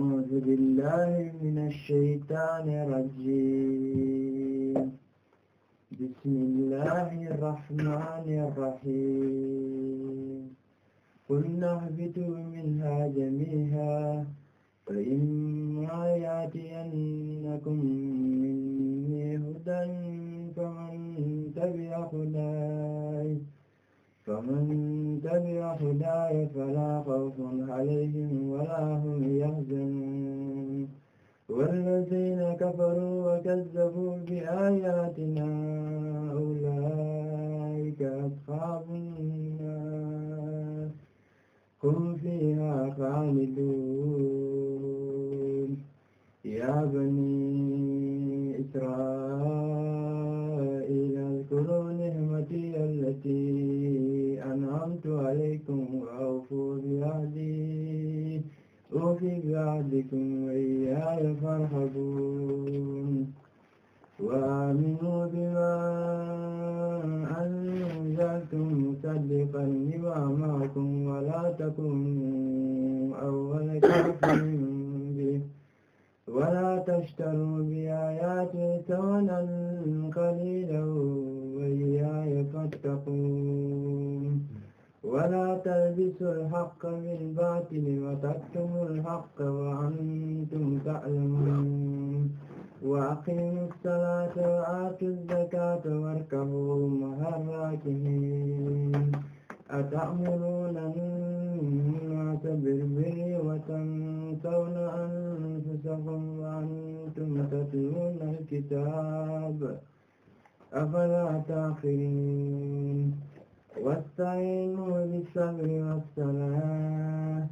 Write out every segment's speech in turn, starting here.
أعوذ بالله من الشيطان الرجيم بسم الله الرحمن الرحيم قلنا اهبطوا منها جميعا فإما يأتينكم مني هدى فمن تبع هداي فمن تبع هداي فلا خوف عليهم ولا هم يحزنون والذين كفروا وكذبوا بآياتنا أولئك أصحاب النار هم فيها خالدون يا بني عليكم وأوفوا بعهدي أوف بعهدكم وإياي فارهبون وآمنوا بما أنزلتم مصدقا لما معكم ولا تكونوا أول كافر به ولا تشتروا بآياتي ثمنا قليلا وإياي فاتقون ولا تلبسوا الحق بالباطل وتكتموا الحق وأنتم تعلمون وأقيموا الصلاة وآتوا الزكاة واركبوا مع الراكعين أتأمرون الناس بالبر وتنسون أنفسكم وأنتم تتلون الكتاب أفلا تعقلون واستعينوا بالصبر والصلاة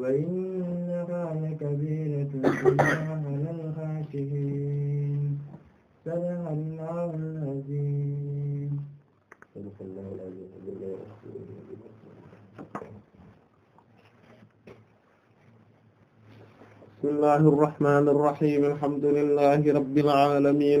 وإنها لكبيرة إلا على الخاشعين صدق الله العظيم صدق الله العظيم بسم الله الرحمن الرحيم الحمد لله رب العالمين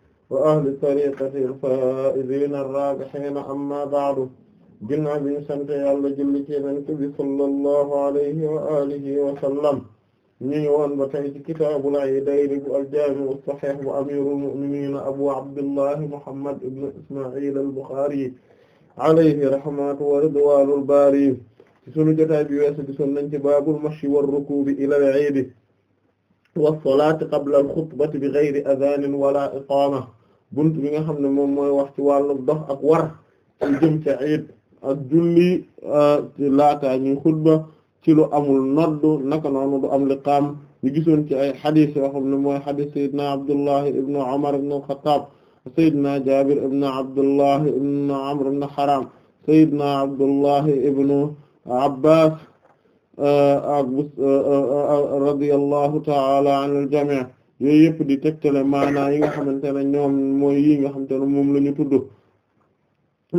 wa ahli tariqati al-faa'iziina ar-raabihiina amma ba'du ginnaaw bi ñu sant yàlla julli ci Yonent bi sallallahu alayhi wa alihi wa sallam ñu ngi woon ba tey ci kitaabul iidayni bu al-jaami'u as-sahiih bu amiiril mu'miniin abu abdillahi muhammad ibn isma'il al-Bukhari alayhi rahmatu wa ridwaanul baari ci sunu jotaay bi weesu gisoon nañ ci baabul mashyi war-rukuubi ilal iidi was-salaati qabla al-xutbati bi ghayri adaanin wala iqaama bunt bi nga xam ne moom mooy wax ci wàllu dox ak war ci jëm ca iid ak julli euh, laata ñuy xutba ci lu amul nodd naka noonu du am liqaam ñu gisoon ci ay xadis yoo xam ne mooy xadis saydna abdullahi ibnu umar ibnu alxataab saydna jabir ibnu abdullahi ibnu amr ibnu haram saydna abdullahi ibnu abbas euh, ak euh, radiyallahu taala an al jamii yooyu yëpp di tegtale maanaa yi nga xamante ne ñoom mooy yi nga xamante ne moom la ñu tudd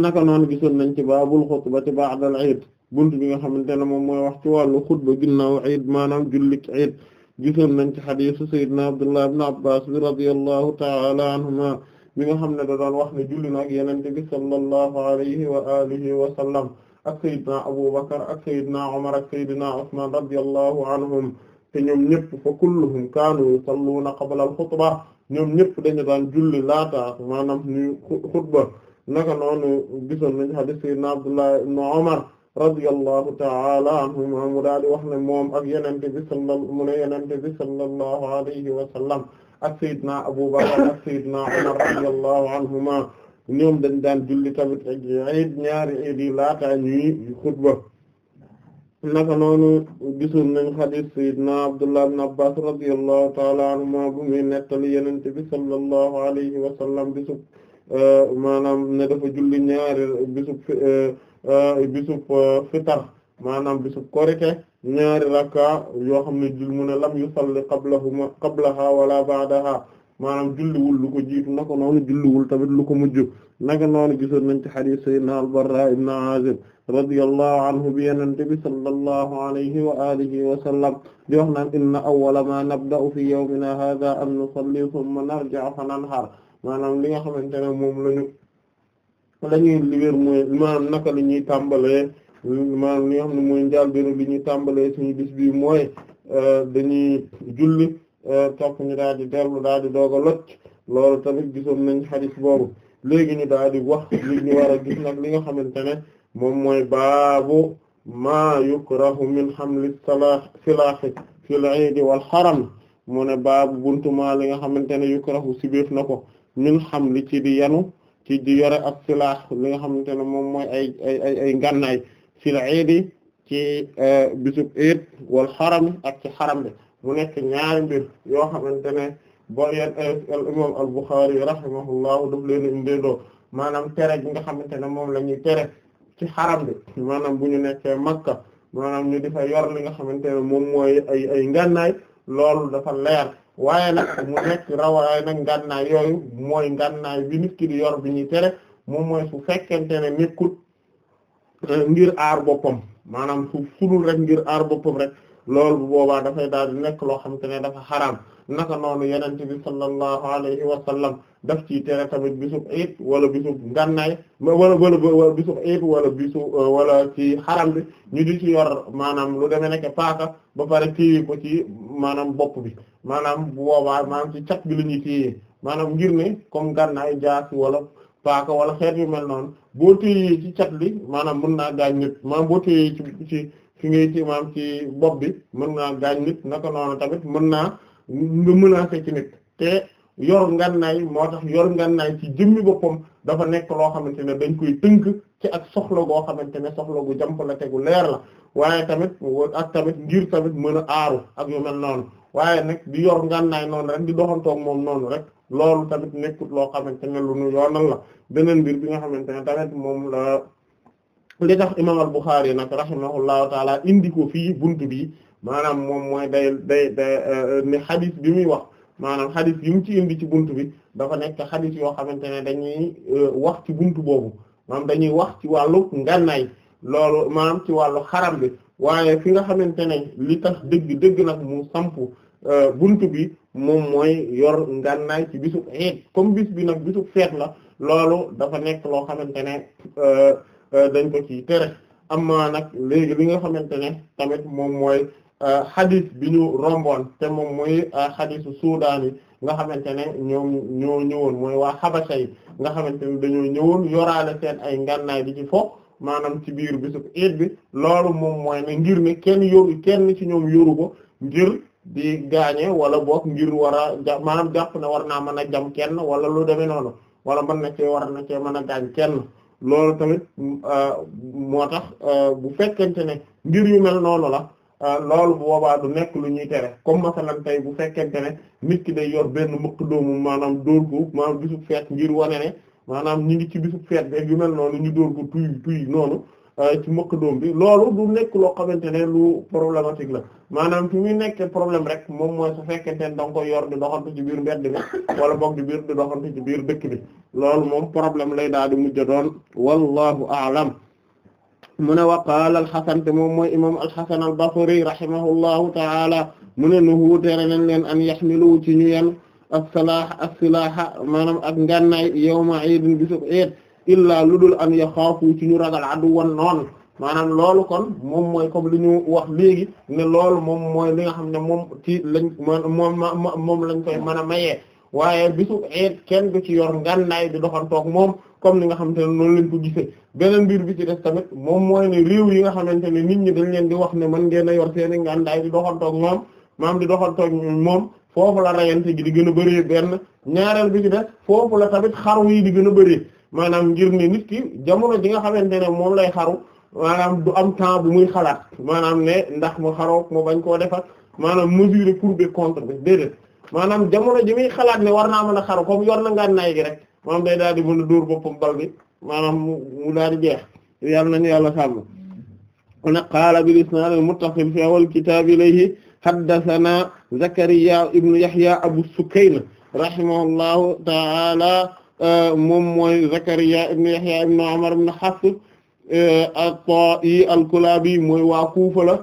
naka noonu gisoon nañ ci baabul xutbati ba'dal iid bunt bi nga xamante ne moom mooy wax ci wàllu xutba ginnaaw iid maanaam jullik iid gisoon nañ ci na sayyidina abdullah ibn abbas bi radiyallahu ta'ala anhuma mi nga xam ne da doon wax na julli na ak yenente bi sallallahu alayhi wa alihi wa sallam ak sayyidina abubakar ak sayyidina umar ak sayyidina usman radiyallahu anhum te ñoom ñëpp fa kulluhum kaanu yusalluuna qabla al-xutba ñoom ñëpp dañu daan julli laata maanaam ñu xutba naka noonu gisoon nañu hadith sayyidina Abdullah ibn Umar radiyallahu ta'ala anhuma mu daal di wax ne moom ak yenente bi salla mu ne yenente bi sallallahu alayhi wa sallam ak sayyidina Abu Bakr ak sayyidina Umar radiyallahu anhuma ñoom dañ daan julli tamit ak iid ñaari iid yi laata ñuy xutba naka noonu gisoon nañ xadis sayyidina Abdullah ibn Abbas radiyallahu ta'ala anhuma bu muy nettali Yonent bi sallallahu alayhi wa sallam bisub euh, maanaam ne dafa julli ñaari bisub euh, bisub euh, fitar maanaam bisub korite ñaari rakka yoo xam ne jul mu ne lam yusalli qablahuma qablaha wala ba'daha maanaam julliwul lu ko jiitu naka noonu julliwul tamit lu ko mujj naka noonu gisoon nañ ci xadis sayyidina al-Barra ibn Azib radiyallahu anhu bi yenente bi sallallahu alayhi wa alihi wa sallam di wax naan inna awwala ma nabda'u fi yawmina hadha an nusalli thumma narji'u fa nanhar maanaam li nga xamante ne moom lañu la ñuy liwér mooy maanaam naka li ñuy tàmbalee maanaam li nga xam ne mooy njaal benn li ñuy tàmbalee suñu bis bi mooy euh, dañuy julli euh, topp ñu daal di dellu daal di doog a locc loolu tamit gisoon nañ xadis boobu léegi ñu daal di wax li ñu war a gis nag li nga xamante ne moom mooy baabu maa yukrahu min hamli salah silaahi fil iidi wal haram mu ne baabu buntu maa li nga xamante ne yukrahu sibéef na ko min hamli ci di yanu ci di yore ak silaah li nga xamante ne moom mooy ay ay ay ay ngànnaay fil iidi ci eh, bisub iid wal haram ak ci xaram bi mu nekk ñaari mbir yoo xamante ne boo yen al imam al Bukhari rahimahullahu daf leen indéedoo maanaam tere gi nga xamante ne moom la ñuy tere ci xaram bi maanaam bu ñu nekkee Makka maanaam ñu di fa yor li nga xamante ne moom mooy ay ay ngànnaay loolu dafa leer waaye nag mu nekk rawaay nag ngànnaay yooyu mooy ngànnaay bi nit yor bi ñuy tere moom mooy fu fekkente ne nekkul euh, ngir aar boppam maanaam fu fulul rek ngir aar boppam rek loolu bu boobaa dafay daal di nekk loo xamante ne dafa xaraam naka noonu yonent bi sallallahu alayhi wa sallam daf ci tere tamit bisub iid wala bisub ngànnaay wala wala bisub iid wala bisu wala ci xaram bi ñu di ci yor maanaam lu demee nekk paaka ba pare téye ko ci maanaam bopp bi maanaam bu boobaa maanaam ci cat bi la ñuy téye maanaam ngir ne comme ngànnaay jaasi wala paaka wala xeet yu mel noonu boo téye ci cat li maanaam mën naa gaañ nit maanaam boo téye ci ci fi ngay ci bopp bi mën naa gaañ nit naka noonu tamit mën naa nga menacer ci nit te yor ngànnaay moo tax yor ngànnaay ci jëmmi boppam dafa nekk loo xamante ne dañ koy tënk ci ak soxla goo xamante ne soxla gu jàmp la tegu leer la waaye tamit ak tamit ngir tamit mën a aaru ak yu mel noonu waaye nag di yor ngànnaay noonu rek di doxantoog moom noonu rek loolu tamit nekkut loo xamante ne lu nu yoonal la beneen mbir bi nga xamante ne tamit moom la li tax imam al Bukhari nag rahimahullahu taala indi ko fii buntu bi maanaam moom mooy day day day euh, ne xadis bi muy wax maanaam xadis yi ci indi ci bunt bi dafa nekk xadis yoo xamante ne dañuy euh, wax ci bunt boobu dañuy wax ci wàllu ngànnaay loolu maanaam ci wàllu xaram bi waaye fi nga xamante ne li tax dëgg dëgg nag mu sampu euh, bunt bi moom mooy yor ngànnaay ci comme bis bi nag bisub feet la loolu dafa nekk loo xamante ne dañ ko ci tere amma nag léegi li nga xamante ne tamit moom mooy xadis euh, bi ñu romboon te moom mooy xadisu euh, suudaan yi nga xamante ne ñoom ñoo ñëwoon mooy waa xabasa yi nga xamante ne dañoo ñëwoon yoraale seen ay ngànnaay di ci fo maanaam ci biir bisub iid bi loolu moom mooy ne ngir ne kenn yoru kenn ci ñoom yoru ko ngir di gaañe wala boog ngir war a ja jàpp ne war naa mën jam kenn wala lu demee noonu wala mën na cee war na cee mën a gaañ kenn loolu tamit euh, moo tax bu fekkente ne ngir yu mel noonu la Euh, loolu bu boobaa du nekk lu ñuy tere comme masalan tey bu fekkente ne nit ki day yor benn mbëq doomu maanaam dóor ko maanaam bisub feet ngir wane ne maanaam ñu ngi ci bisub feet beeg yu mel noonu ñu dóor ko tuy tuy noonu euh, ci mbëq doom bi loolu du nekk loo xamante ne lu problématique la maanaam fi muy nekkee problème rek moom mooy su fekkente ne da yor di doxantu ci biir mbedd bi wala boog di biir di doxantu ci biir dëkk bi loolu moom problème lay daal di mujj doon wallahu a'lam mu ne wa qaala alxasan te moom mooy imam alxasan albasri rahimahullahu taala mu ne nuhu tere nañ leen an yaxmilu ci ñu yen assilaaha assilaaha maanaam ak ngànnaay yawma iidin bisub iid lu dul an yaxaafu ci ñu ragal aduwan noon maanaam loolu kon moom mooy comme li ñu wax léegi ne loolu moom mooy li nga xam ne moom ci lañ moom moom lañ koy mën a mayee waaye bisu eet kenn du ci yor ngànnaay di doxantoog moom comme ni nga xamante ne noonu lañ ko gisee beneen mbir bi ci def tamit moom mooy ne réew yi nga xamante ne nit ñi dañ leen di wax ne man ngeen a yor seeni ngànnaay di doxantoog moom maam di doxantoog moom foofu la rayante gi di gën a bëree benn ñaareel bi ci def foofu la tamit xaru yi di gën a bëree maanaam ngir ne nit ki jamono ji nga xamante ne moom lay xaru maanaam du am temps bu muy xalaat maanaam ne ndax mu xarook mu bañ koo defar maanaam mesurer pour et contre maanaam jamono ji muy xalaat ne war naa mën a xaru comme yor na ngànnaay gi rek maanaam day daal di mën a dóor boppam bal bi maanaam mu daal di jeex yàlla nañu yàlla sàmm kon qaala bil isnaad al muttasil fi awal kitaab ilayhi haddathana Zakariya ibnu Yahya Abu Sukayna rahimahullahu ta'ala moom mooy Zakariya ibnu Yahya ibnu Umar ibnu Hafs at-Ta'i al-Kulabi mooy waa Kufa la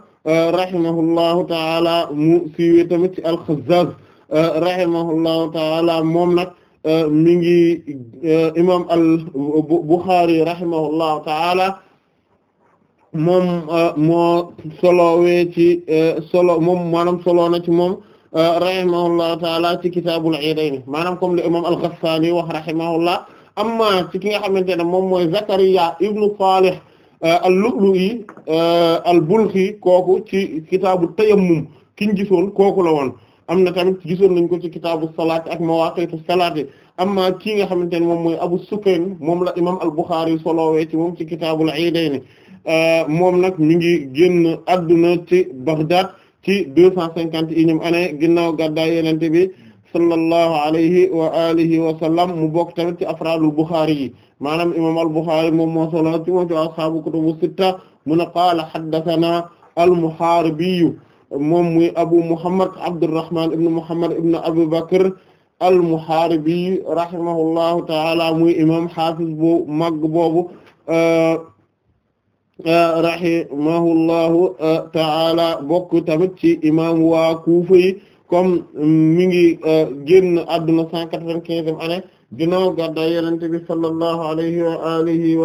rahimahullahu ta'ala mu siiwee tamit ci al-Khazzaz rahimahullahu taala moom nag euh, mi ngi euh, imam al Bukhari rahimahullahu taala moom euh, moo solo moom maanaam solo na ci moom rahimahullahu taala ci kitaabul iidayni maanaam comme le imam al-Ghassani wax rahimahullah amma ci ki nga xamante ne moom mooy Zakariya ibnu Salih al-Lu'lu'i al-Balkhi kooku ci kitaabu tayammum ki ñu gisoon kooku la woon am na tamit gisoon nañ ko ci kitaabu salaat ak mawaaqiitu salaat yi amma kii nga xamante ne moom mooy Abu Sukayn moom la imam al-Bukhari solowee ci moom ci kitaabul iidayni euh, moom nag mi ngi génn adduna ci Baghdad ci deux cent cinquante et unième année ginnaaw gàddaay Yonent bi sallallahu alayhi wa alihi wa sallam mu bokk tamit ci afraadul Bukhari yi maanaam imam al-Bukhari moom moo solo ci moom ci ashaabu kutubu sitta mu ne qaala haddathanaa al-Muhaaribi moom muy abu muhammad abdurrahman ibn muhammad ibn abu bakr al-muharibi rahimahullahu taala muy imam hafiz bu mag boobu eh, eh, rahimahullahu eh, taala bokk tamit ci imam waa Kufa yi comme mm, mi ngi génn adduna cent quatre-vingt-quinzième année ginnaaw gàddaay Yonent bi sallallahu alayhi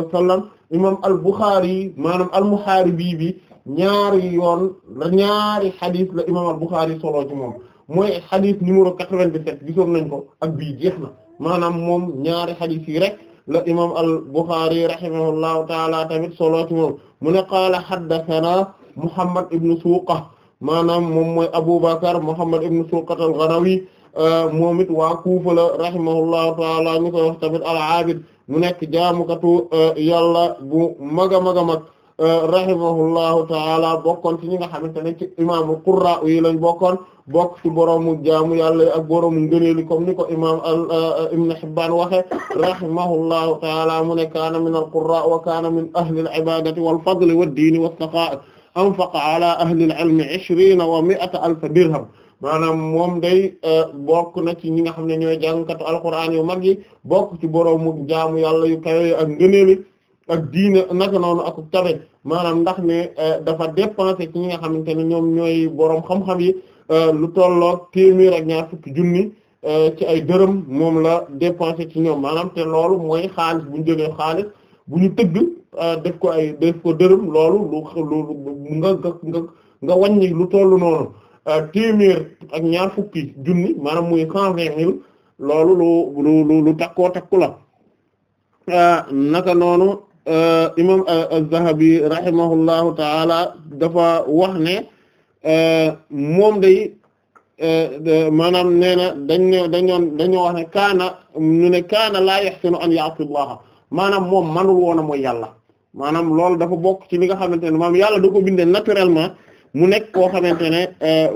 imam al-Bukhari maanaam al-Muharibi bi ñaari yoon la ñaari xadis la imam al-Bukhari solo moom mooy xadis numéro quatre-vingt-dix-sept gisoon nañ ko ak bii na maanaam moom ñaari xadis yi rek la imam al-Bukhari rahimahullahu taala tamit solo moom mu ne qaala haddathana Muhammad ibn maanaam moom mooy Abu Bakar Muhammad ibn Suqa al-Ghanawi euh, moom it waa Kuufa la taala ñu koy tamit al-Abid mu nekk jaamukatu euh, yàlla bu mag a mag a mag rahimahullahu taala bokkoon ci ñi nga xamante ne ci imaamu qurra yi lañ bokkoon bokk ci boroomu jaamu yàlla ak boroomu ngëneeli comme ni ko imaam uh, Ibn Hibbaan waxe rahimahullahu taala mu ne kaana min al qurra wa kaana min ahli al ibadati wal fadli wad diini wassaqaa anfaqa ala ahli al ilmi ishrina wa mi'ata alf dirham maanaam moom day uh, bokk na ci ñi nga xam ne ñooy jàngkatu alquraan yu mag yi bokk ci boroomu jaamu yàlla yu kawe ak ngëneeli ak diine naka noonu ak tabe maanaam ndax ne eh, dafa dépensé ci ñi nga xamante ne ñoom ñooy boroom xam-xam yi eh, lu tollook téeméer ak ñaar fukki junni eh, ci ay dërëm moom la dépensé ci ñoom maanaam te mooy xaalis ñu jëlee xaalis bu ñu tëgg def ko ay def dërëm loolu lu nga nga lu toll noonu téeméer ak ñaar fukki junni maanaam muy cent vingt loolu lu lu lu takkoo la naka noonu. Euh, imam euh, az-Zahabi rahimahullahu taala dafa wax ne euh, moom day maanaam nee na dañu dañoon dañoo wax ne kaana ñu ne kaana laa yaxsinu an ya'sillaha maanaam moom manul woon a mooy yàlla maanaam loolu dafa bokk ci li nga xamante ne maanaam yàlla da ko bindee naturellement mu nekk koo xamante ne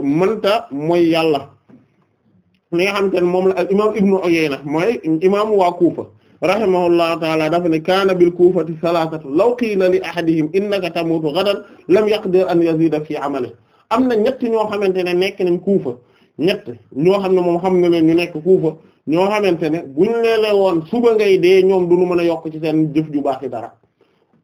manta mooy yàlla li nga xamante ne moom la al imaam Ibnu Uyayna mooy imaamu waa Kuufa rahimahullahu taala dafa ne kaana bil kuufati salaasatu law qiila li ahadihim innaka tamuutu gadan lam yaqdir an yazida fi amali am na ñett ñoo xamante ne nekk nañ kuufa ñett ñoo xam ne moom xam na leen ñu nekk kuufa ñoo xamante ne buñ leele woon suba ngay dee ñoom du ñu mën a yokk ci seen jëf ju baax yi dara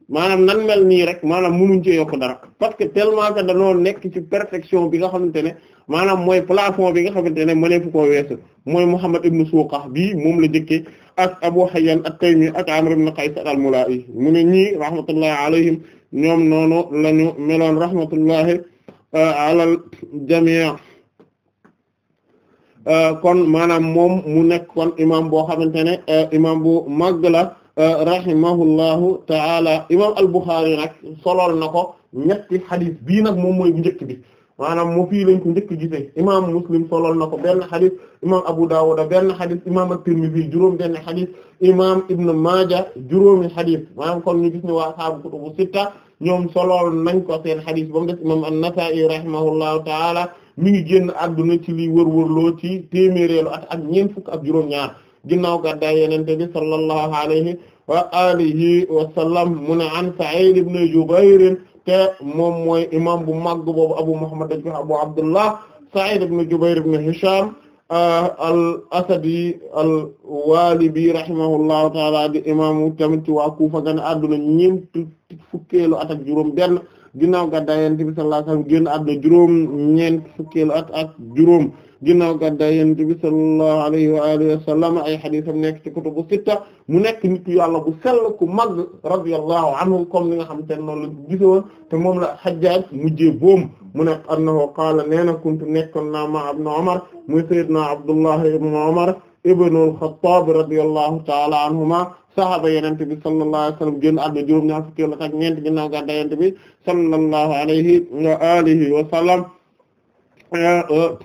maanaam nan mel nii rek maanaam munuñ cee yokk dara parce que tellement que dañoo nekk ci perfection bi nga xamante ne maanaam mooy plafond bi nga xamante ne mëneefu koo weesu mooy Muhammad ibn Suqa bii moom la jëkkee ak Abu Hayyan at-Taymi ak Amr ibn Qays al-Mula'i mu ne ñi rahmatullahi alayhim ñoom noonu la ñu meloon rahmatullahi euh, alal jamii euh, kon maanaam moom mu nekk kon imam boo xamante ne euh, imam bu màgg la rahimahullahu ta'ala imam al-Bukhari nag solol na ko ñetti xadis bii nag moom mooy bu njëkk bi maanaam moo fii lañ ko njëkk gisee imam muslim solol na ko benn xadis imam abu dawud benn xadis imam at-tirmidhi juróom benn xadis imam ibn maaja juróomi xadis maanaam kon ñu gis ne waa saabu kutubu sitta ñoom solol nañ ko seen xadis ba mu des imam an-nasa'i rahimahullahu taala mi ngi génn adduna ci li wërwërloo ci téeméeréelu at ak ñeent fukk ak juróom-ñaar ginnaaw gàddaay yenente bi sallallahu alayhi wa alihi wa sallam mu ne an sa'id ibn jubayr te moom mooy imam bu màgg boobu Abu Muhammad dañ ko Abu Abdullah Sa'id ibn Jubayr ibn Hisham ah, al asadi al walibi rahimahullahu ta'ala di imam tamit ci waa Kufa gën a adduna ñeent fukkeelu at ak juróom benn ginnaaw gàddaay yonent bi sallallahu alayhi wasallam génn àdduna juróom ñeent fukkeelu at ak juróom ginnaaw gàddaay yonent bi sallallahu alayhi wa alihi wasallam ay xadiisam nekk ci kutubu sitta mu nekk nit yàlla bu sell ku mag radiyallahu anhu comme ni nga xam te noonu la gisoon te moom la Hajjaaj mujjee boom mu nekk annahu qaala nee na kuntu nekkoon naa ma ibn Umar muy sayyidna Abdullah ibn Umar ibn al-Khattab radiyallahu ta'ala anhuma sahaaba yenente bi sallallahu alayhi wa sallam juróom ñaar fukki at ak ñeent ginnaaw gàddaay yenente bi sallallahu alayhi wa alihi wa sallam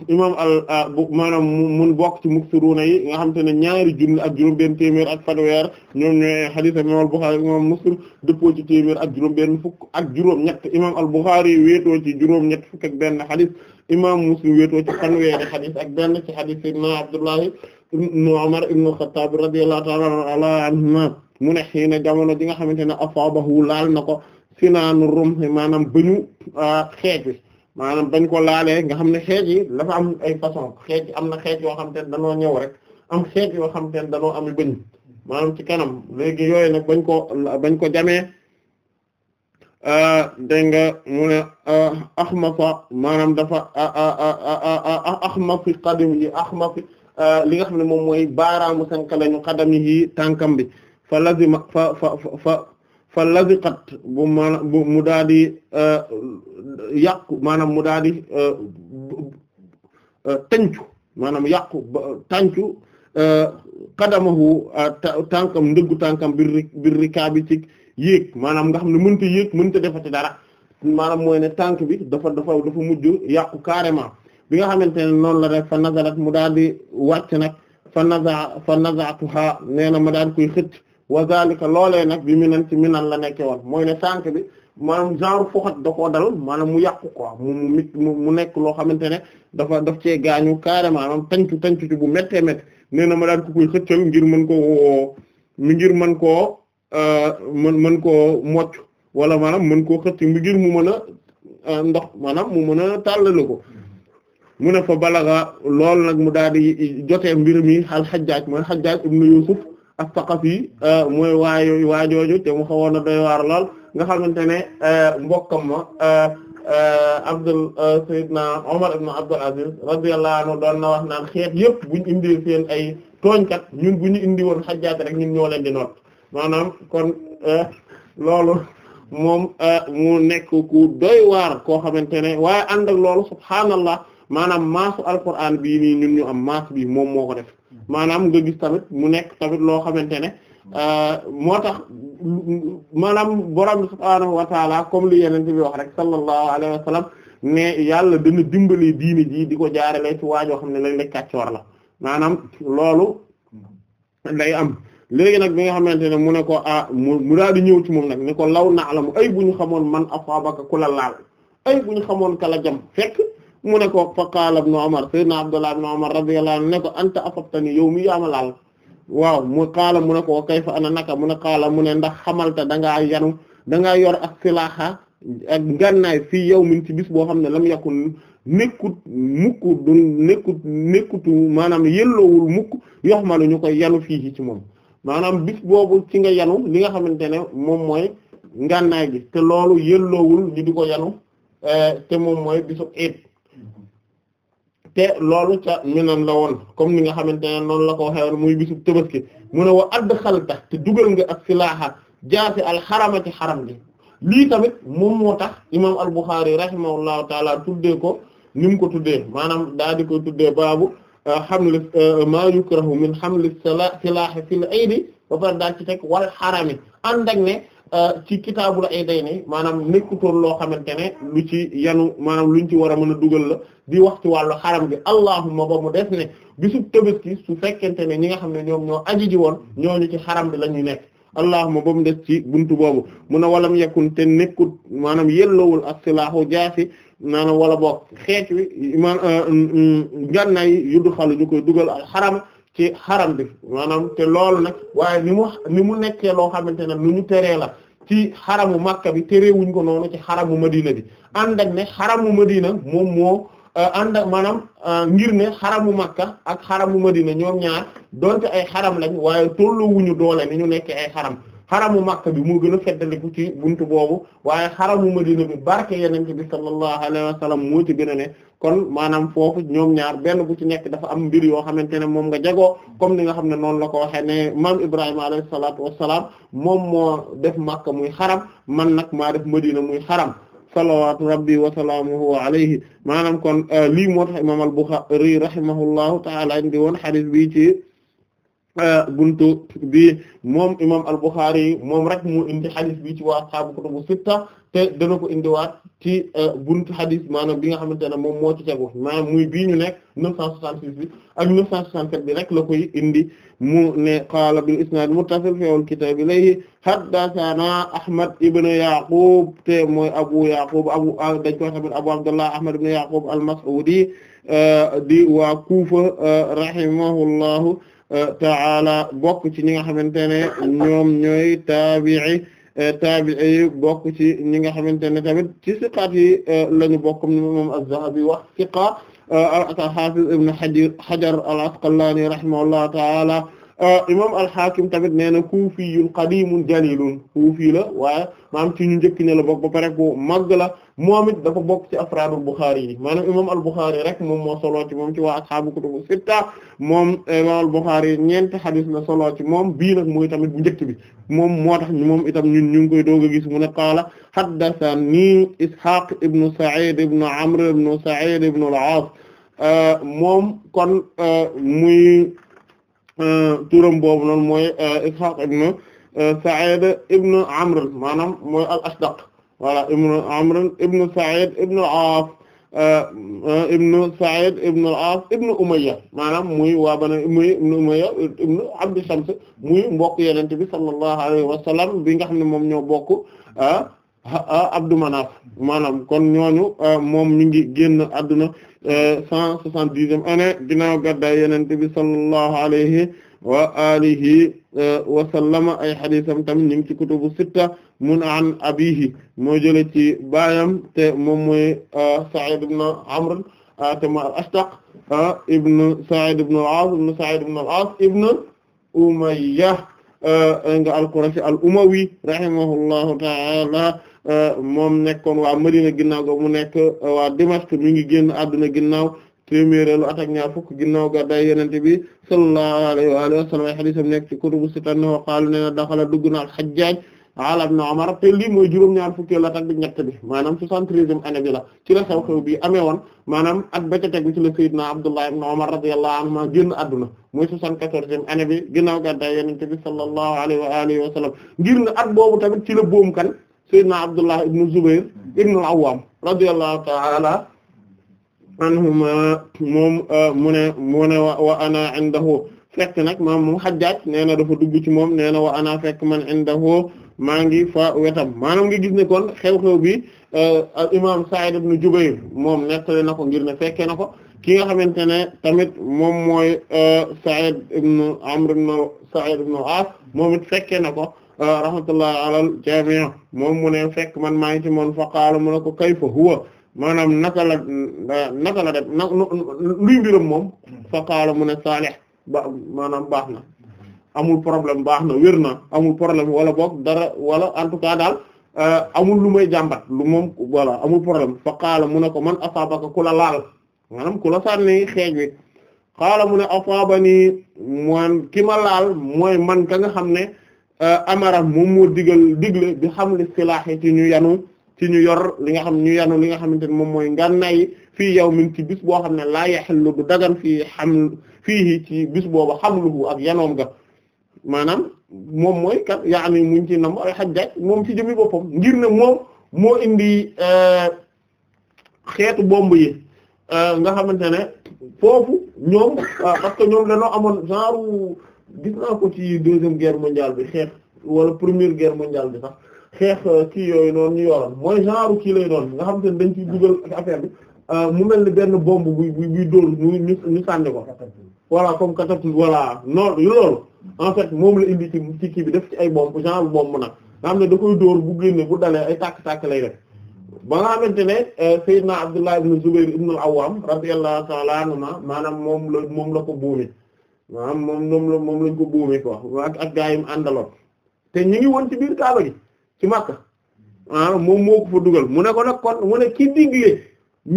imam al maanaam mun bokk ci muksiruna yi nga xam te ne ñaari junni ak juróom benn téeméer ak fanweer ñoom ñooy hadith imam al Bukhari imam Muslim dëppoo ci téeméer ak juróom benn fukk ak juróom ñett imam al Bukhari wéetoo ci juróom ñett fukk ak benn hadith imam Muslim wéetoo ci fanweeri hadith ak benn ci hadith sayyidina ibnu Umar ibnu Xattaab radiyallahu ta'ala anhuma mu ne xii na jamono ji nga xamante ne asaabahu laal na ko sinaanu rumhi maanaam bañu ah, xeej wi maanaam bañ ko laale nga xam ne xeej yi dafa am ay façon xeej yi am na xeej yoo xamante ne dañoo ñëw rek am xeej yoo xamante ne dañoo am bëñ maanaam ci kanam léegi yooyu nag bañ ko bañ ko jamee ah, dégg nga mu ne axmasa ah, maanaam dafa axmasi qadim yi axmasi Euh, li nga xam ne moom mooy baaraamu sànq lañu qadamihi tànkam bi fa lazima fa fa fa fa laziqat bu maanaam mu daal di euh, yàqu maanaam mu daal di euh, tàncu maanaam yàqu tàncu qadamahu tànkam ndëggu tànkam bir bir rikaa bi ci yéeg maanaam nga xam ne mënta yéeg mënta defati dara maanaam mooy ne tànk bi dafa dafa dafa mujj yàqu carrément bi nga xamante ne noonu la rek fa nazarat mu daal di wàcc nag fa naza fa nazatuha nee na ma daal koy xëcc wa zalika loolee nag bi minan ci minan la nekke wan mooy ne tànk bi maanaam genre foxat da koo dal maanaam mu yàqu ko mu mu nekk loo xamante ne dafa daf cee gaañu carrément maanaam tancu tancu ci bu méttee métt nee na ma daal ko koy xëccal ngir mën koo ngir mën koo euh, mën mën koo mocc wala maanaam mën koo xëcc ngir mu mën euh, ndox maanaam mu mën a tàllale ko mu ne fa balaga loolu nag mu daal di jote mbir mi al Hajjaj mooy Hajjaj ibn Yusuf as-Saqafi euh, mooy waayooyu waajooju te mu xawoon a doy waar lool nga xamante ne euh, mbokkam ma euh, Abdul Sayyidna Omar ibn Abdul Aziz radiyallahu anhu doon na wax naan xeet yëpp bu indil seen ay tooñkat ñun bu ñu indi woon Hajjaj rek ñun ñoo leen di noot maanaam kon loolu moom mu nekk ku doy waar koo xamante ne waaye ànd ak loolu subhaanallah maanaam maasu alquran bii nii ñun ñu am maas bii moom moo ko def maanaam nga gis tamit mu nekk tamit loo xamante ne euh, moo tax maanaam borom bi subhaanahu wa taala comme li yeneen bi wax rek sallallahu alayhi wa sallam ne yàlla dana dimbali diini ji di ko jaarale ci waajoo xam ne lañ la kàccoor la maanaam loolu day am léegi nag bi nga xamante ne mu ne ko ah mu daal di ñëw ci moom nag ne ko law na alamu ay bu ñu xamoon man afaabaka ku la laal ay bu xamoon kala jam fekk mu ne ko fa qaala ibn Umar sayyidina Abdullah ibn Umar radiyallahu anhu ne ko anta yow mi yaa ma laal waaw mu qaala mu ne ko kayfa ana naka mu ne qaala mu ne ndax xamalta dangaa yanu dangaa yor ak silaaxa ak gànnaay fii yow min ci bis boo xam ne lam yakun nekkut mukk du nekkut nekkutu maanaam yelloowul mukk yox ma lu ñu koy yanu fii ci moom maanaam bis boobu ci nga yanu li nga xamante ne moom mooy ngànnaay gi te loolu yelloowul di ko yanu eh, te moom mooy bisu eet te loolu ca minan la woon comme ni nga xamante ne noonu la ko waxee woon muy bisub tabaski mu ne wa add xalta te dugal nga ak silaaha jaasi alxarama ci xaram bi lii tamit mu moo tax imam al-Bukhari rahimahullahu taala tuddee ko ni mu ko tuddee maanaam daa di koy tuddee baabu euh, xamli euh, maa yukrahu min xamli sila silaahi fil aydi ba daal ci teg wal xarami ànd ak ne euh, ci kitaabul ay day ne maanaam nekkutoon loo xamante ne lu ci yanu maanaam luñ ci war a mën a dugal la di wax ci wàllu xaram bi allahumma ba mu def ne bisub tabaski su fekkente ne ñi nga xam ne ñoom ñoo aji ji woon ñooñu ci xaram bi la ñuy nekk allahumma ba mu des ci buntu boobu mun a walam yakun te nekkut maanaam yelloowul ak silaahu jaasi maanaam wala boo xeec wi man euh, mm, mm, gànnaay yudd xalu ñu koy dugal al xaram ci xaram bi maanaam te loolu nag waaye ni mu ni mu nekkee loo xamante ne lu ñu teree la ci xaramu Makka bi wuñ ko noonu ci xaramu Madina bi ànd ak ne xaramu Madina moom moo euh, ànd ak maanaam euh, ngir ne xaramu Makka ak xaramu Madina ñoom ñaar donte ay xaram lañ waaye tolluwuñu doole ni ñu nekkee ay xaram xaramu Makka bi moo gën a feddaliku ci bunt boobu waaye xaramu Madina bi barke Yonent bi sallallahu alayhi wa moo ci gën kon maanaam foofu ñoom ñaar benn bu ci nekk dafa am mbir yoo xamante ne moom nga jagoo comme ni nga xam ne noonu la ko waxee ne maam Ibrahima alayhi salaatu wassalaam moom moo def Makka muy xaram man nag maa def Madina muy xaram salawaatu rabbi wa salaamuhu alayhi maanaam kon euh, lii moo tax imaam al-Bukhârî rahimahullahu ta'ala indi woon hadith bi ci Euh, buntu bi moom imam al-Bukhari moom rek mu indi xadis bi ci waa ashaabu kutubu sitta te dana ko indiwaat ci euh, buntu xadis maanaam bi nga xamante ne moom moo ci tegu maanaam muy bii ñu nekk 966 bi ak 967 bi rek la koy indi mu ne qaala bil isnaad muttasil fi'l kitaab ilayhi haddathana Ahmad ibn Yaqub te mooy Abu Yaqub abu ah, dañ ko tamit Abu Abdullah Ahmad ibn Yaqub al-Mas'udi euh, di waa Kufa rahimahullahu ta'ala bokk ci ñi nga xamante ne ñoom ñooy taabi'i taabi'i bokk ci ñi nga xamante ne tamit ci siqaat yi lañu bokk comme ni moom az-Zahabi wax siqa ak al-Hafiz ibn Hajar al-Asqalani rahimahullahu ta'ala Euh, imam al-Hakim tamit nee na kuufiyun qadimun jalilun kuufi la waaye maanaam ci ñu njëkk ña bokk ba pare bu màgg la moom it dafa bokk ci afraadul Bukhari yi maanaam imam al-Bukhari rek moom moo solo ci moom ci waa ashaabu kutubu sitta moom imam al-Bukhari ñeenti xadis la solo ci moom bii nag mooy tamit bu njëkk bi moom moo tax moom itam ñun ñu ngi koy doog a gis mu ne qaala haddathani Ishaq ibn Sa'id ibn Amr ibn Sa'id ibn al-As euh, moom kon euh, muy. Euh, turam boobu noonu mooy euh, Ishaq ibn euh, Sa'id ibn Amr maanaam mooy al-Ashdaq voilà ibn Amr ibn Sa'id ibn al ibn Sa'id ibn al ibn Umayya maanaam muy waa bana muy ibn Umayya ibn Abd Shams muy mbokk Yonent bi sallallahu alayhi wa bi nga xam ne moom ñoo bokk Abdu Manaf maanaam kon ñooñu moom mi ngi génn àdduna Euh, cent soixante-dixième année ginnaaw gàddaay yenente bi sallallahu alayhi wa alihi euh, wa sallama ay hadisam tam ñu ngi ci kutubu sitta mun an abihi moo jële ci baayam te moom mooy euh, Sa'id ibn Amr te ma Ashtaq ibn Sa'id ibn al-As ibn Sa'id ibn al-As ibn Umayya nga al-Qurashi al-Umawi rahimahullahu ta'ala Euh, moom nekkoon waa Madina ginnaaw ga mu nekk euh, waa Dimashq mi gi génn àdduna ginnaaw téeméeréelu at ak ñaar fukk ginnaaw ga day yonent bi sallallahu alayhi wa alihi wa na daxala dugg na al-Hajjaaj ala ibn Umar te lii ñett bi maanaam 73e année bi la ci la xew-xew bi amee woon maanaam at ba ca tegu ci la Sayyidina Abdullah ibn Umar radiyallahu anhuma génn adduna mooy 74e année bi ginnaaw gàddaay Yonent bi sallallahu alayhi wa alihi wa sallam ngir ne at boobu tamit ci la boom kan Seydina Abdullah ibn Zubair ibn al-Awwam radiyallahu ta'ala anhuma moom euh, mu ne mu ne wa ana indahu fekk nag maam moom Hajjaj nee na dafa dugg ci moom nee na wa ana fekk man indahu maa ngi fa wetam maanaam nga gis ne kon xew-xew bi euh, imam Sa'id ibn Jubayr moom nettali na ko ngir ne fekkee na ko ki nga xamante ne tamit moom mooy euh, Sa'id ibn Amr ibn Sa'id ibn al moom it fekkee na ko rahmatullah alal jami' moom mu ne fekk man maa ngi ci moon fa qaala mu ne ko kayfa huwa maanaam naka la naka la def na luy mbiram moom fa qaala mu ne saalih ba maanaam baax na amul problème baax na wér na amul problème wala boog dara wala en daal euh, amul lu may jàmbat lu moom voilà amul problème fa qaala mu ne ko man asaabaka ku la laal maanaam ku la sànni xeej wi qaala mu ne asaabani man ki laal mooy man ka xam ne Euh, amara moom moo digal digle bi xam li silaahi ci ñu yanu ci ñu yor li nga xam ñu yanu li nga xamante ne moom mooy ngànnaay fii yawmin ci bis boo xam ne laa yaxillu du dagan fi xam fii ci bis boobu xamluhu ak yanoom ga maanaam moom mooy kat yaani muñ ci nam ay xajjaaj moom ci jëmi boppam ngir ne moom moo indi euh, xeetu bomb yi euh, nga xamante ne foofu ñoom ah, parce que ñoom dañoo amoon genre gis naa ko ci deuxième guerre mondiale bi xeex wala première guerre mondiale bi sax xeex euh, kii yooyu noonu ñu yoroon mooy genre kii lay noonu nga xam te ne dañ ciy dugal affaire bi euh, mu mel ni benn bomb bu bu buy dóor ñu ñu ñu sànni ko voilà comme catapulte voilà noonu loolu en fait moom la indi ci ci kii bi def ci ay bombe genre bombe nag nga xam ne da koy dóor bu génne bu dalee ay tàkk-tàkk lay def ba nga xamante ne euh, Seydina Abdullah ibn Zubayr ibn al-Awwam radiyallahu ta'ala maanaam moom la moom la ko buumi maanaam moom moom la moom lañ ko buumee quoi ak ak gaa yim àndaloon te ñu ngi won ci biir kaaba gi ci Makka ah moom moo ko fa dugal mu ne ko nag kon mu ne ki digle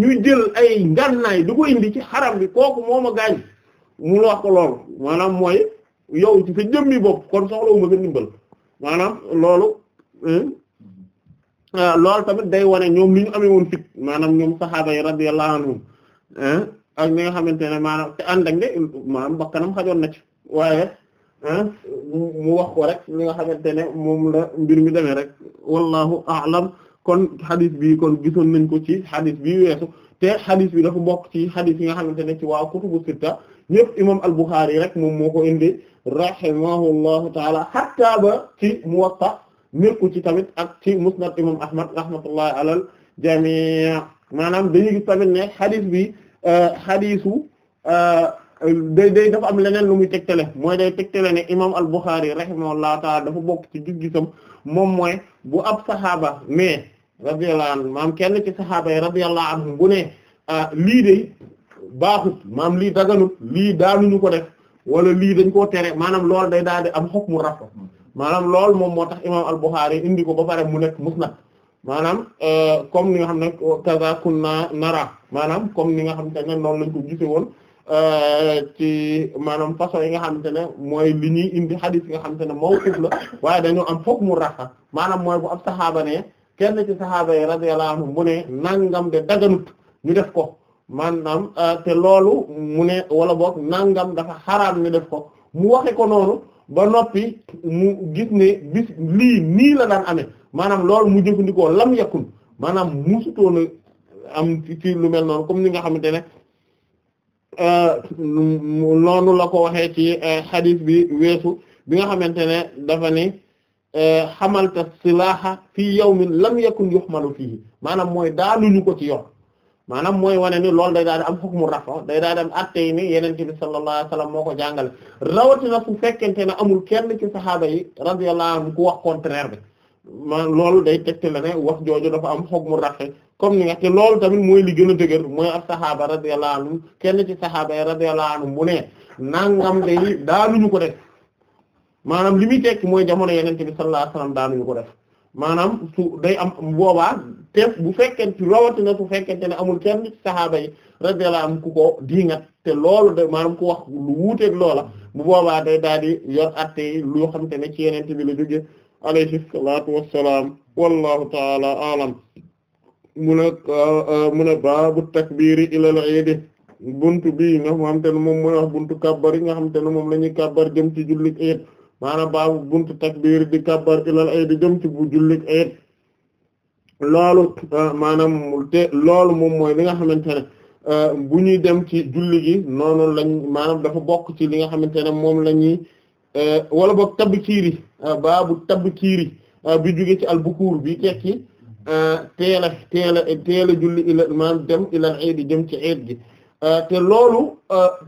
ñu jël ay ngànnaay du ko indi ci xaram bi kooku moom a gaañ mu wax loolu maanaam mooy yow ci sa jëmmi bopp kon soxlawuma sa ndimbal maanaam loolu ah, loolu tamit day wane ñoom li ñu amee woon fit maanaam ñoom saxaaba yi radiyallahu anhum ak ñi nga xamante ne maanaam te ànd ak ne maanaam bakkanam xajoon na ci waaye ah, mu wax ko rek ñi nga xamante ne moom la mbir mi demee rek wallahu a'lam kon xadis bi kon gisoon nañ ko ci xadis bi weesu bi dafa bokk ci xadis yi nga xamante ne ci waa kutubu sitta ñëpp imam al-Bukhari rek moom moo ko indi rahimahullahu taala hatta ba ci Muwatta nekku ci tamit ak ci musnad imam Ahmad rahmatullahi alal jamii maanaam dañuy gis tamit ne xadis bi xadiisu euh, euh, day day dafa am leneen lu muy tegtale mooy day tegtale ne imaam al-Bukhârî rahimahullahu taala dafa bokk ci juggisam moom mooy bu ab saxaaba mais radiyallahu anhu maam kenn ci saxaaba yi radiyallahu anhu bu ne euh, lii de baaxut maam lii daganut lii daanuñu ko def wala lii dañ koo tere maanaam lool day daal di am xukmu rafa maanaam lool moom moo tax imaam al-Bukhârî indi ko ba pare mu nekk musnad maanaam euh, comme ni nga xam ne kaza kunna nara maanaam comme ni nga xamante ne noonu lañ ko gise woon euh, ci maanaam façon yi nga xamante ne mooy li ñuy indi hadith yi nga xamante ne mawquf la waaye dañoo am foog mu raxa maanaam mooy bu ab saxaaba kenn ci saxaaba yi radiyallahu anhu mu ne nangam de daganut ñu def ko maanaam euh, te loolu mu ne wala boog nangam dafa xaraam ñu def ko mu waxe ko noonu ba noppi mu gis ne bis lii nii la daan amee maanaam loolu mu jëfandikoo lam yakun maanaam musutoona am ci ci mel noonu comme ni nga xamante ne euh, noonu la ko waxee ci euh, xadis bi weesu bi nga xamante ne dafa ni euh, xamalta silaaha fii yawmin lam yakun yuhmalu fiihi maanaam mooy daal daaluñu ko ci yor maanaam mooy wane ni loolu day daal di am mu rafa day daal di am atte yi ni yeneen bi sallallahu alayhi wasallam moo ko jàngale rawatina su fekkente ne amul kenn ci saxaaba yi radiyallahu anhu ku wax contraire bi loolu day tegte la ne wax jooju dafa am xoog mu raxe comme ni nga te loolu tamit mooy li gën a dëgër mooy ak saxaaba radiyallahu anhum kenn ci saxaaba yi radiyallahu anhum bu ne nangam day daanuñu ko def maanaam li muy tekki mooy jamono yeneen bi sallallahu alayhi wasallam yu ko def maanaam su day am boobaa te bu fekkente rawatina su fekkente ne amul kenn ci saxaaba yi radiyallahu anhum ku ko diingat te loolu de maanaam ku wax lu wuuteeg loola mu boobaa day daal di yor atte yi loo xam te ne ci yeneen bi la jógee. alayhi salaatu wassalaam wallahu taala alam mu ne uh, uh, mu ne baabu takbiiri ilal iidi bunt bi nga xamante ne moom mooy wax buntu kabbar yi nga xamante ne moom la ñuy kabbar jëm ci jullit iid maanaam baabu buntu takbiiri di kabbar ilal iidi jëm ci bu jullit iid loolu uh, maanaam te moom mooy li nga xamante ne bu ñuy dem ci julli gi noonu lañ maanaam dafa bokk ci li nga xamante ne moom la Eh, wala boog tabkiiri eh, baabu tabkiiri eh, bi jóge ci albukuur bi tekki teel a teel a teel a julli ila maanaam dem ila iidi jëm ci iid gi te loolu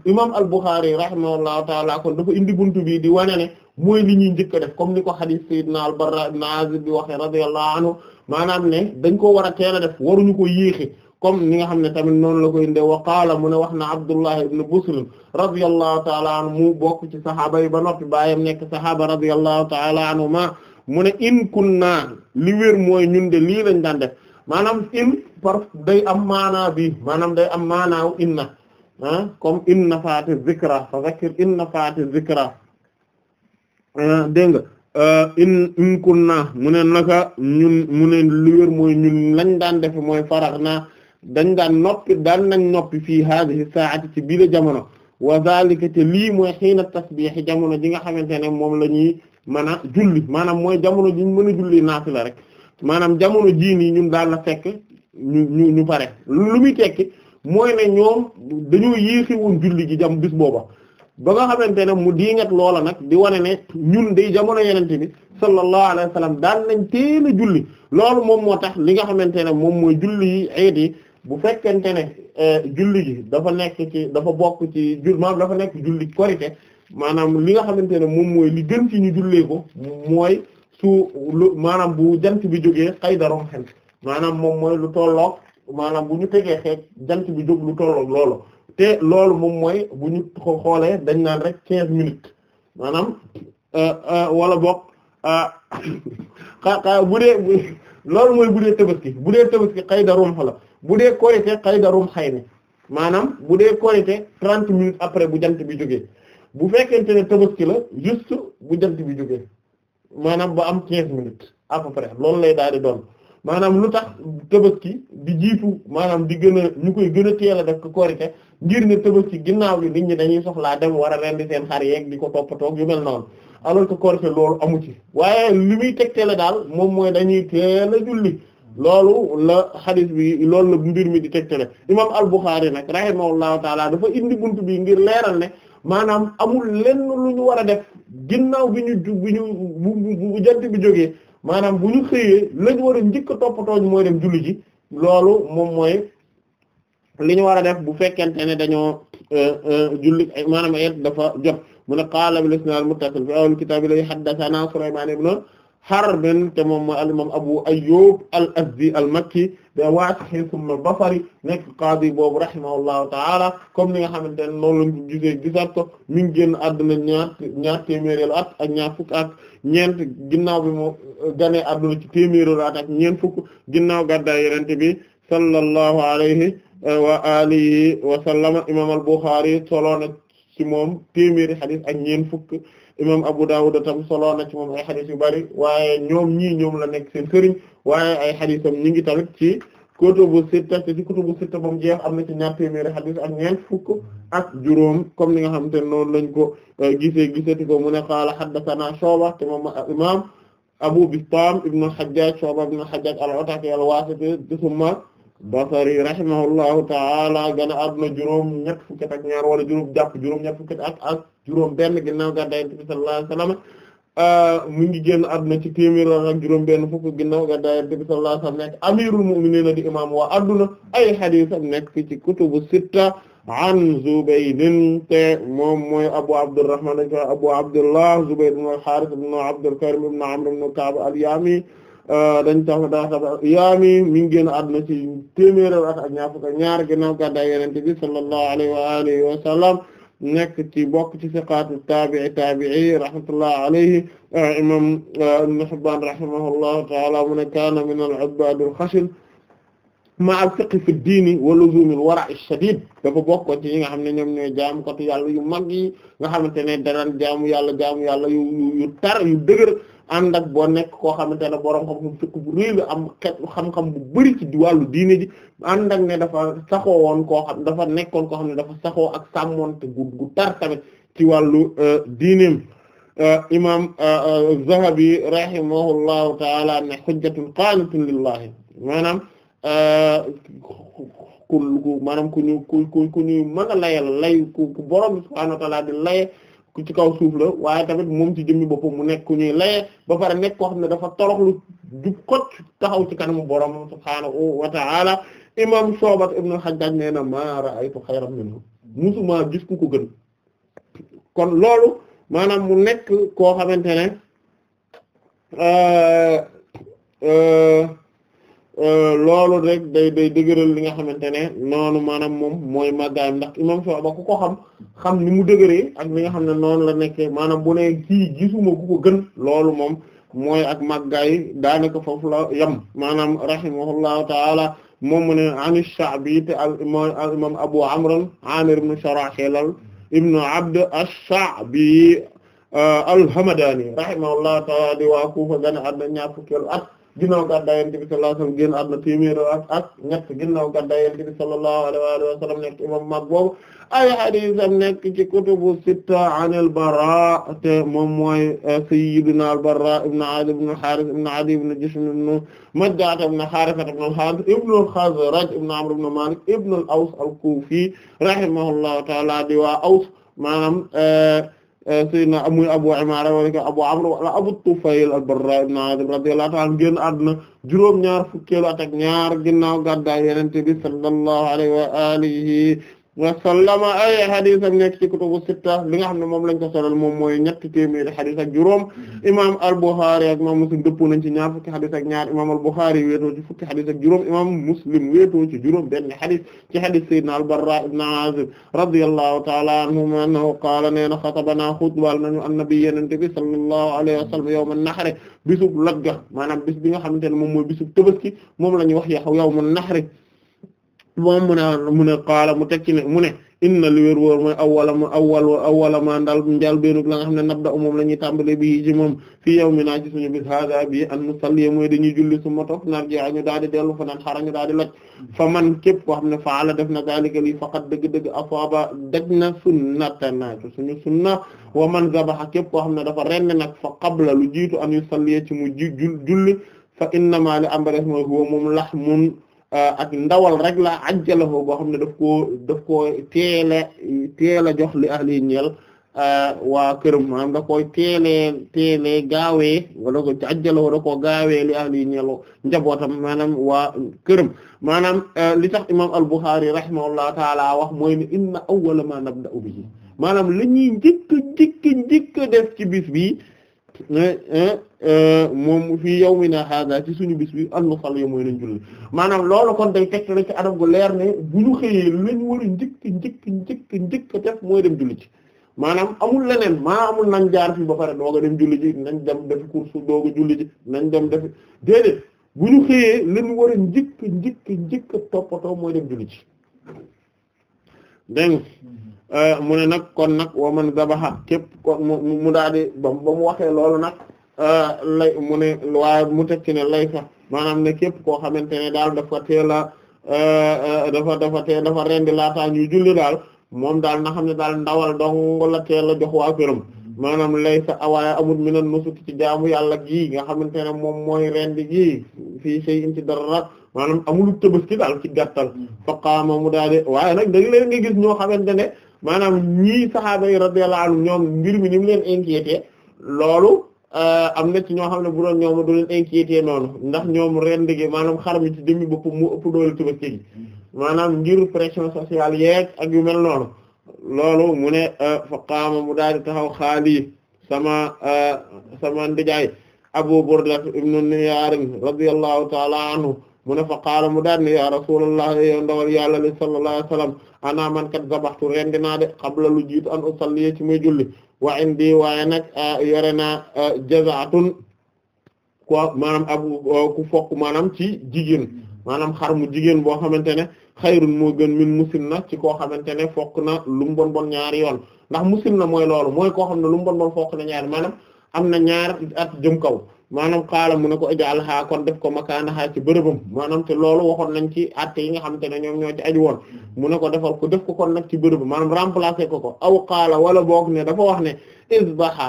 imam al-Bukhari rahimahullahu taala kon dafa indi buntu bi di wane ne mooy li ñuy njëkk def comme ni ko hadith sayyidina al-Barra ibn Azib bi waxee radiyallahu anhu maanaam ne dañ ko war a teel def waruñu ko yéexe comme ni nga xam ne tamit noonu la koy indee wa qaala mu ne wax na Abdullah ibn Busr radiyallahu ta'ala anhu mu bokk ci saxaaba yi ba noppi baayam nekk saxaaba radiyallahu ta'ala ma mu ne in kunna li wér mooy ñun de lañ daan def maanaam day am maanaa bi maanaam day am maanaaw inna ah comme in nafaati zikra fa ah, dégg nga ah, in in mu ne naka ñun mu ne daan def mooy farax na dañ daan noppi daan nañ noppi fii haadihi saati ci bile jamono wa zalika te lii mooy xiina tasbihi jamono ji nga xamante ne moom la ñuy mën a maanaam mooy jamono ji ñu mën a julli naafila rek maanaam jamono jii nii ñun daal la fekk ñu ñu ñu pare lu muy tekki mooy ne ñoom dañoo yéexi woon julli jam bis booba ba nga xamante ne mu diingat loola nag di wane ne ñun day jamono yenente bi sallallahu alayhi wa sallam daan nañ teel a julli loolu moom moo tax li nga xamante ne moom mooy julli yi eet bu fekkente ne euh, julli gi dafa nekk ci dafa bokk ci jul maanaam dafa nekk julli korite maanaam li nga xamante ne moom mooy li gën ci ñu jullee ko mooy su lu maanaam bu jant bi jógee xay darom xen maanaam moom mooy lu tolloog maanaam bu ñu tegee xeet jant bi jóg lu tolloog loolu te loolu moom mooy bu ñu ko xoolee dañ naan rek quinze minutes maanaam euh, euh, wala boog xa xa bu dee loolu mooy bu dee ki bu dee tabaski xay darom fa la bu dee korite xaydarum xay ne maanaam bu dee korite trente minutes après bu jant bi jógee bu fekkente ne tabaski la juste bu jant bi jógee maanaam bu am quinze minutes à loolu lay daal di doon maanaam lu tax tabaski di jiitu maanaam di gën a ñu koy gën a teel a def ko korite ngir ne tabaski ginnaaw li nit ñi dañuy soxlaa dem war a rendi seen xar yeeg di ko toppatoo yu mel noonu alors que korite loolu amu ci waaye li muy tegtee la daal moom mooy dañuy a julli loolu la xadis bi loolu la mbir mi di tegtale imam al-Bukhari nag rahimahullahu taala dafa indi bunt bi ngir leeral ne maanaam amul lenn lu ñu war a def ginnaaw bi ñu bi ñu bu jant bi jógee maanaam bu ñu xëyee lañu war njëkk a toppatoo mooy dem ji loolu moom mooy li ñu war a def bu fekkente ne dañoo euh, euh, julli maanaam ayet dafa jot mu ne qaala bil isnaad muttasil fi awwal kitaab li haddathana Sulaymaan ibn Harb te moom mooy al-imam Abu Ayyub al-Azdi al-Makki da Waaqi summa al-Basri nekk qaadi boobu rahimahullahu ta'ala comme ni nga xamante ne noonu lañ ko gisee gisaat ko mi ngi génn àdduna ñaar ñaar téeméeri at ak ñaar fukk ak ñeent ginnaaw bi mu ganee àdduna ci téeméeri at ak ñeent fukk ginnaaw gàddaay Yonent bi sallallahu alayhi wa alihi wa sallam imaam al-Bukhari solo na ci moom téeméeri hadith ak ñeent fukk. imam Abu Dawud tam solo na ci moom ay xadis yu bari waaye ñoom ñii ñoom la nekk seen sëriñ waaye ay xadisam ñi ngi tamit ci kutubu sitta te ci kutubu sitta moom jeex am na ci ñaar téeméeri xadis ak ñeent fukk ak juróom comme ni nga xamante ne noonu lañ ko eh, gisee gisati ko mu ne qaala haddathana Shu'ba te moom imam Abu Bistam ibn al-Hajjaj Shu'ba ibn al-Hajjaj al-Ataki al-Wasiti Basri rahimahullahu ta'ala gane àdduna juróom ñett fukki at ak ñaar wala juróom jàpp juróom ñett fukki at ak juróom benn ginnaaw gàddaay Yonent bi sallallahu alayhi wasallam ah, mu ngi génn àdduna ci téeméer ak juróom benn fukk ginnaaw gàddaay Yonent bi sallallahu alayhi wasallam nekk amirul mu'minin di imam waa àdduna ay hadiisam nekk fi ci kutubu sitta an Zubayd te moom mooy Abu Abdurrahman Abu Abdullah Zubayd ibn al-Harith ibn Abdul Karim ibn Amr ibn Ka'b al-Yami Euh, dañ tax daa tax yaami mi ngi génn àdduna ci téeméer at ak ñaar fukk ñaar ginnaaw gàddaay yonent bi sallallahu alayhi wa alihi wa sallam nekk ci bokk ci siqaatu taabi'i taabi'i rahmatullahi alayhi euh, imam euh, Ibn Hibbaan rahimahullahu ta'ala mu ne kaana min al-'ubbaad al-khashin ma'a al-fiqh fi ad-diin wa luzuum al-wara' ash-shadiid dafa bokkoon ci ñi nga xam ne ñoom ñooy jaamukatu yàlla yu mag yi nga xamante ne daan jaamu yàlla jaamu yàlla yu yu tar yu dëgër ànd ak boo nekk koo xamante ne borom xam-xam fekk bu réy la am xeet xam-xam bu bari ci wàllu diine ji ànd ak ne dafa saxoo woon ko xam dafa nekkoon koo xam ne dafa saxoo ak sàmmonte gu gu tar tamit ci wàllu euh, diineem euh, imam euh, Zahabi rahimahullahu taala ne hujjatun qanitun lillahi maanaam ku maanaam ku ñu ku ku ku ñu mën a layal lay ku borom bi subhaanahu wa di laye ku ci kaw suuf la waaye tamit moom ci jëmmi boppam mu nekku ku ñuy laye ba pare nekk koo xam ne dafa toroxlu jub kocc taxaw ci kanamu borom subhaanahu wa ta'ala imam Shu'ba ibn al-Hajjaj nee na ma ra'aytu xayran minhu musuma gis ku ko gën kon loolu maanaam mu nekk koo xamante ne euh, euh, Euh, loolu rek day day dëgëral li nga xamante ne noonu maanaam moom mooy màggaayam ndax imam Shu'ba ku ko xam xam ni mu dëgëree ak li nga xam ne noonu la nekkee maanaam bu ne kii gisuma ku ko gën loolu moom mooy ak màggaay daanaka foofu la yam maanaam rahimahullahu taala moom mu ne an Sha'bi te al imam Abu Amr Amir ibn Sharahil ibn Abd ash-Sha'bi euh, al-Hamadani rahimahullahu taala di waa Kufa gën a àdduna ñaar fukkeelu at ginnaaw gàddaay Yonent bi sallallahu alayhi wasallam génn àdduna téeméer ak ak ñett ginnaaw gàddaay Yonent bi sallallahu alayhi wa sallam nekk imam mag boobu ay hadiisam nekk ci kutubu sitta an al-Baraa te moom mooy eh, sayyidina al-Baraa ibn Aazib ibn al-Haaris ibn Adiy ibn Jushm ibn Majda'a ibn Haaritha ibn al-Haaris ibn al-Khazraj ibn Amr ibn Maalik ibn al-Aws al-Kuufi rahimahullahu ta'aala di waa Aws maanaam eh, sayyidina muy Abu Umayra wala ko Abu Amr wala Abu Tufayl al-Barra ibn Azib radiyallahu ta'ala anhu génn àdduna juróom-ñaar fukkeelu at ak ñaar ginnaaw gàddaay Yonent bi sallallahu wa sallama ay xadisam nekk ci kutubu sitta li nga xam ne moom lañ ko solal moom mooy ñetti téeméeri xadis ak juróom mm-hmm. imam al-Bukhari ak imam Muslim dëppoo nañ ci ñaar fukki xadis ak ñaar imam al-Bukhari wéetoo ci fukki ak juróom imam Muslim wéetoo ci juróom benn xadis ci xadis sayyidina al-Barra ibn Azib radiyallahu ta'ala anhuma annahu qaala nee na xatabana xutbal nañu annabi yenente bi sallallahu alayhi wa sallam yawma nahri bisub lagga maanaam bis bi nga xamante ne moom mooy bisub tabaski moom la ñu wax yaw yawma nahri moom mu ne mu ne qaala mu teg ci ne mu ne inna li wér wóor mooy awwala ma awwal awwala ma ndal njal beenug la nga xam ne nabda moom la ñuy tàmbale bi ci moom fii yawminaa ci suñu bis hada bi an nusalli mooy dañuy julli su ma toog nar jia ñu daal di dellu fa naan xara ñu daal di laj fa man képp ko xam ne faala def na zalika li faqat dëgg-dëgg afaaba daj na sunnatana suñu sunna wa man zabaxa képp koo xam ne dafa renn nag fa qabla lu jiitu an yusalli ci mu julli fa innama li am ba def moom lax mun Euh, ak ndawal rek la ajjalahu boo xam ne daf koo daf koo teele teele jox li ahli ñeel euh, waa këram maanaam da koy teelee teelee gaawee wala ko ajjalahu da koo gaawee li ahli ñeel njabootam maanaam waa këram maanaam euh, li tax imam al-Bukhari rahimahullahu taala wax mooy ne inna awwala ma nabda'u bihi maanaam la ñuy njëkk njëkk def ci bis bi Eh, eh, moom fii yawmina hada ci suñu bis bi an nusalli mooy nañ julli maanaam loolu kon dey teg rek ci anam gu leer ne bu ñu xëyee lu lañ war a njëkk njëkk njëkk njëkk def mooy dem julli ci maanaam amul leneen maanaam nañ jaar fii ba pare dooga dem julli ji nañ dem def course dooga julli ji nañ dem def déedéet bu ñu xëyee lañ war a njëkk njëkk njëkk toppatoo mooy dem julli ci Eh, mu ne nag kon nag wa man zabaha képp ko mu daal di ba mu waxee loolu nag eh, lay mu ne waaye mu teg ci ne lay fa maanaam ne képp koo xamante ne daal dafa teel a eh, dafa dafa teel dafa rendi laataa ñuy julli daal moom daal na xam ne daal ndawal dong la teel a jox waa këram maanaam lay a awaaye amul mi nan nusuk ci jaamu yàlla gii nga xamante ne moom mooy rendi gii fii sey in ci dara maanaam amul tëbës ci daal ci gàttal mm. mu daal waaye nag da leen nga gis ñoo xamante ne maanaam ñii saxaaba yi radiyallahu anhum ñoom mbir mi ni mu leen inquiété loolu euh, am na ci ñoo xam ne bu doon ñoom du leen inquiété noonu ndax ñoom reen gi maanaam xar mi ci demi bopp mu ëpp doole Tabaski gi maanaam ngir pression sociale yeeg ak yu mel noonu loolu mu ne euh, fa qaama mu daal di taxaw xaali sama euh, sama ndijaay Abu Burda ibnu Niyaar radiyallahu ta'ala anhu mu ne fa mu daan ya rasulullah yow ndawal yàlla li sallallahu alayhi wa sallam ana man kat zabaxtu rendi naa de qabla lu jiitu an usalli ci muy julli wa indi waaye nag yore naa jazaatun quoi maanaam ab ku fokk maanaam ci jigéen maanaam xar mu jigéen boo xamante ne xayrun mu gën min musim na ci koo xamante ne fok na lu mu bon bon ñaari yoon ndax musim na mooy loolu mooy koo xam ne lu mu bon bon fokk na ñaari maanaam am na ñaar at jëm kaw maanaam kaala mu ne ko ijaalha kon def ko makaanaha ci bërëbam maanaam te loolu waxoon nañ ci atte yi nga xam te ne ñoom ñoo ci aju woon mu ne ko defal ko def ko kon nag ci bërëbam maanaam remplacer ko ko aw xaala wala boog ne dafa wax ne isbaha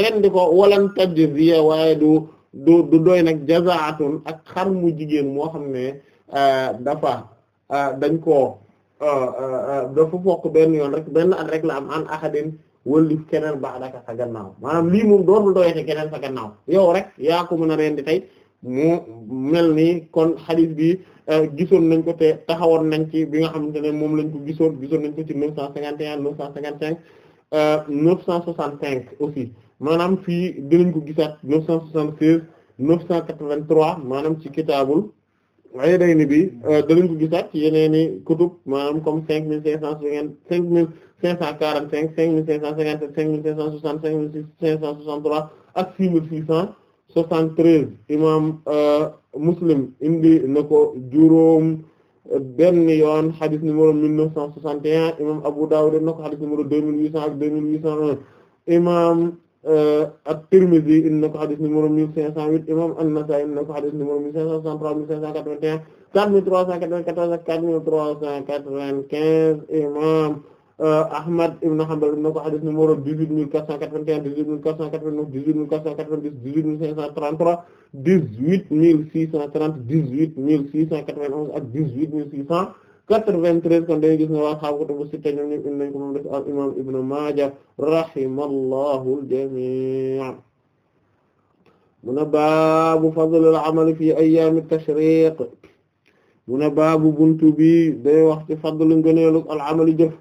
rendi ko walan tajziya waaye du du du doy nag jazaatun ak xar mu jigéen moo xam ne euh, dafa euh, dañ ko euh, dafa fokk benn yoon rek benn at rek la am an ahadin wëlif keneen ba'daka sa gannaaw maanaam lii moom dootul doyati keneen sa gannaaw yow rek yaa ko mën a rendi tey mu mel nii kon xadis bi euh, gisoon nañ ko te taxawoon nañ ci bi nga xamante ne moom lañ ko gisoon gisoon nañ ko ci neuf cent cinquante et un neuf cent cinquante cinq euh, neuf aussi maanaam fii dinañ ko gisaat neuf cent soixante seize neuf cent quatre vingt trois maanaam ci kitaabul Aynayni bi euh, danañ ko gisaat ci yeneeni kutub maanaam comme cinq mille cinq cent cinquante cinq mille cinq cent quarante cinq cinq mille cinq cent cinquante sept cinq mille cinq cent soixante cinq mille cinq cent soixante trois ak six mille six cent soixante treize imaam euh, Muslim indi na ko juróom euh, benn yoon xadis numéro mille neuf cent soixante et un imaam Abu Dawud na ko xadis numéro deux mille huit cent ak deux mille huit cent un imaam Euh, at-Tirmidhi indi na ko xadis numéro 1508 imam an-Nasa'i indi na ko xadis numéro 1563 1581 4394 ak 4395 imam euh, Ahmad ibn Hanbal indi na ko xadis numéro 18481 18489 18490 18533 18630 18691 ak 18600 93 kon day gis ne waa xam kutubu sitta ñoom ñëpp indi nañ ko moom def al imam Ibnu Maaja rahimallahu al-jamii' mu ne baabu fadlil amali fi ayyaami tashriiq mu ne baabu buntu bi day wax ci fadlu ngëneelu al amali jëf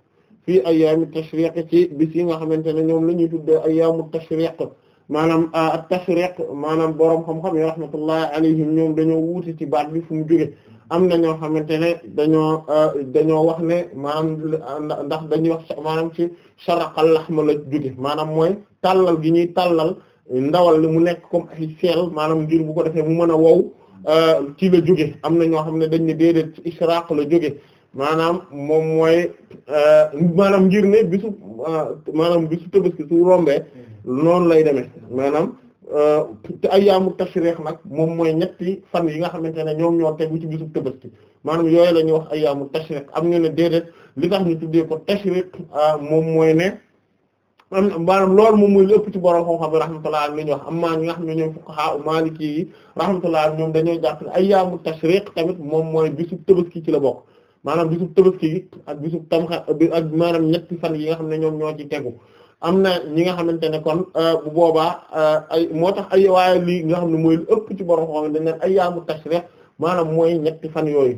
fii ayyaami tashriiq ci bis yi nga xamante ne ñoom la ñuy tuddee ayyaamu tashriiq maanaam at tashriiq maanaam borom xam-xam yi rahmatullahi alayhim ñoom dañoo wuute ci baat bi fu mu jóge am na ñoo xamante ne dañoo euh, dañoo wax ne maanaam euh, ndax dañuy wax maanaam ci saraqal laxma la jóge maanaam mooy tàllal gi ñuy tàllal ndawal li mu nekk comme ay maanaam ngir bu ko defee mu mën a wow euh, ci la jóge am na ñoo xam ne dañ ne ci israq la jóge maanaam moom mooy maanaam ngir ne bisu maanaam bisu tabaski su rombee hmm. noonu lay demee maanaam te ayyaamu tashriq nag moom mooy ñetti fan yi nga xamante ne ñoom ñoo tegu ci bisub tabaski maanaam yooyu la ñuy wax ayyaamu tashriq am ñu ne déedéet li tax ñu tuddee ko tashriq ah, moom mooy ne maanaam loolu moom mooy li ci borom xam-xam yi rahmatullah am li ñuy wax amma ñi nga xam ne ñoom fuqaha maliki yi rahmatullah ñoom dañoo jàpp ne ayyaamu tashriq tamit moom mooy bisub tabaski ci la bokk maanaam bisub tabaski ak bisub tamxa ak maanaam ñetti fan yi nga xam ne ñoom ñoo ci tegu am na ñi nga xamante ne kon euh, bu boobaa euh, ay moo tax ay waaye lii nga xam ne mooy lu ëpp ci borom xam dañ naan ayyaamu tashriq maanaam mooy ñetti fan yooyu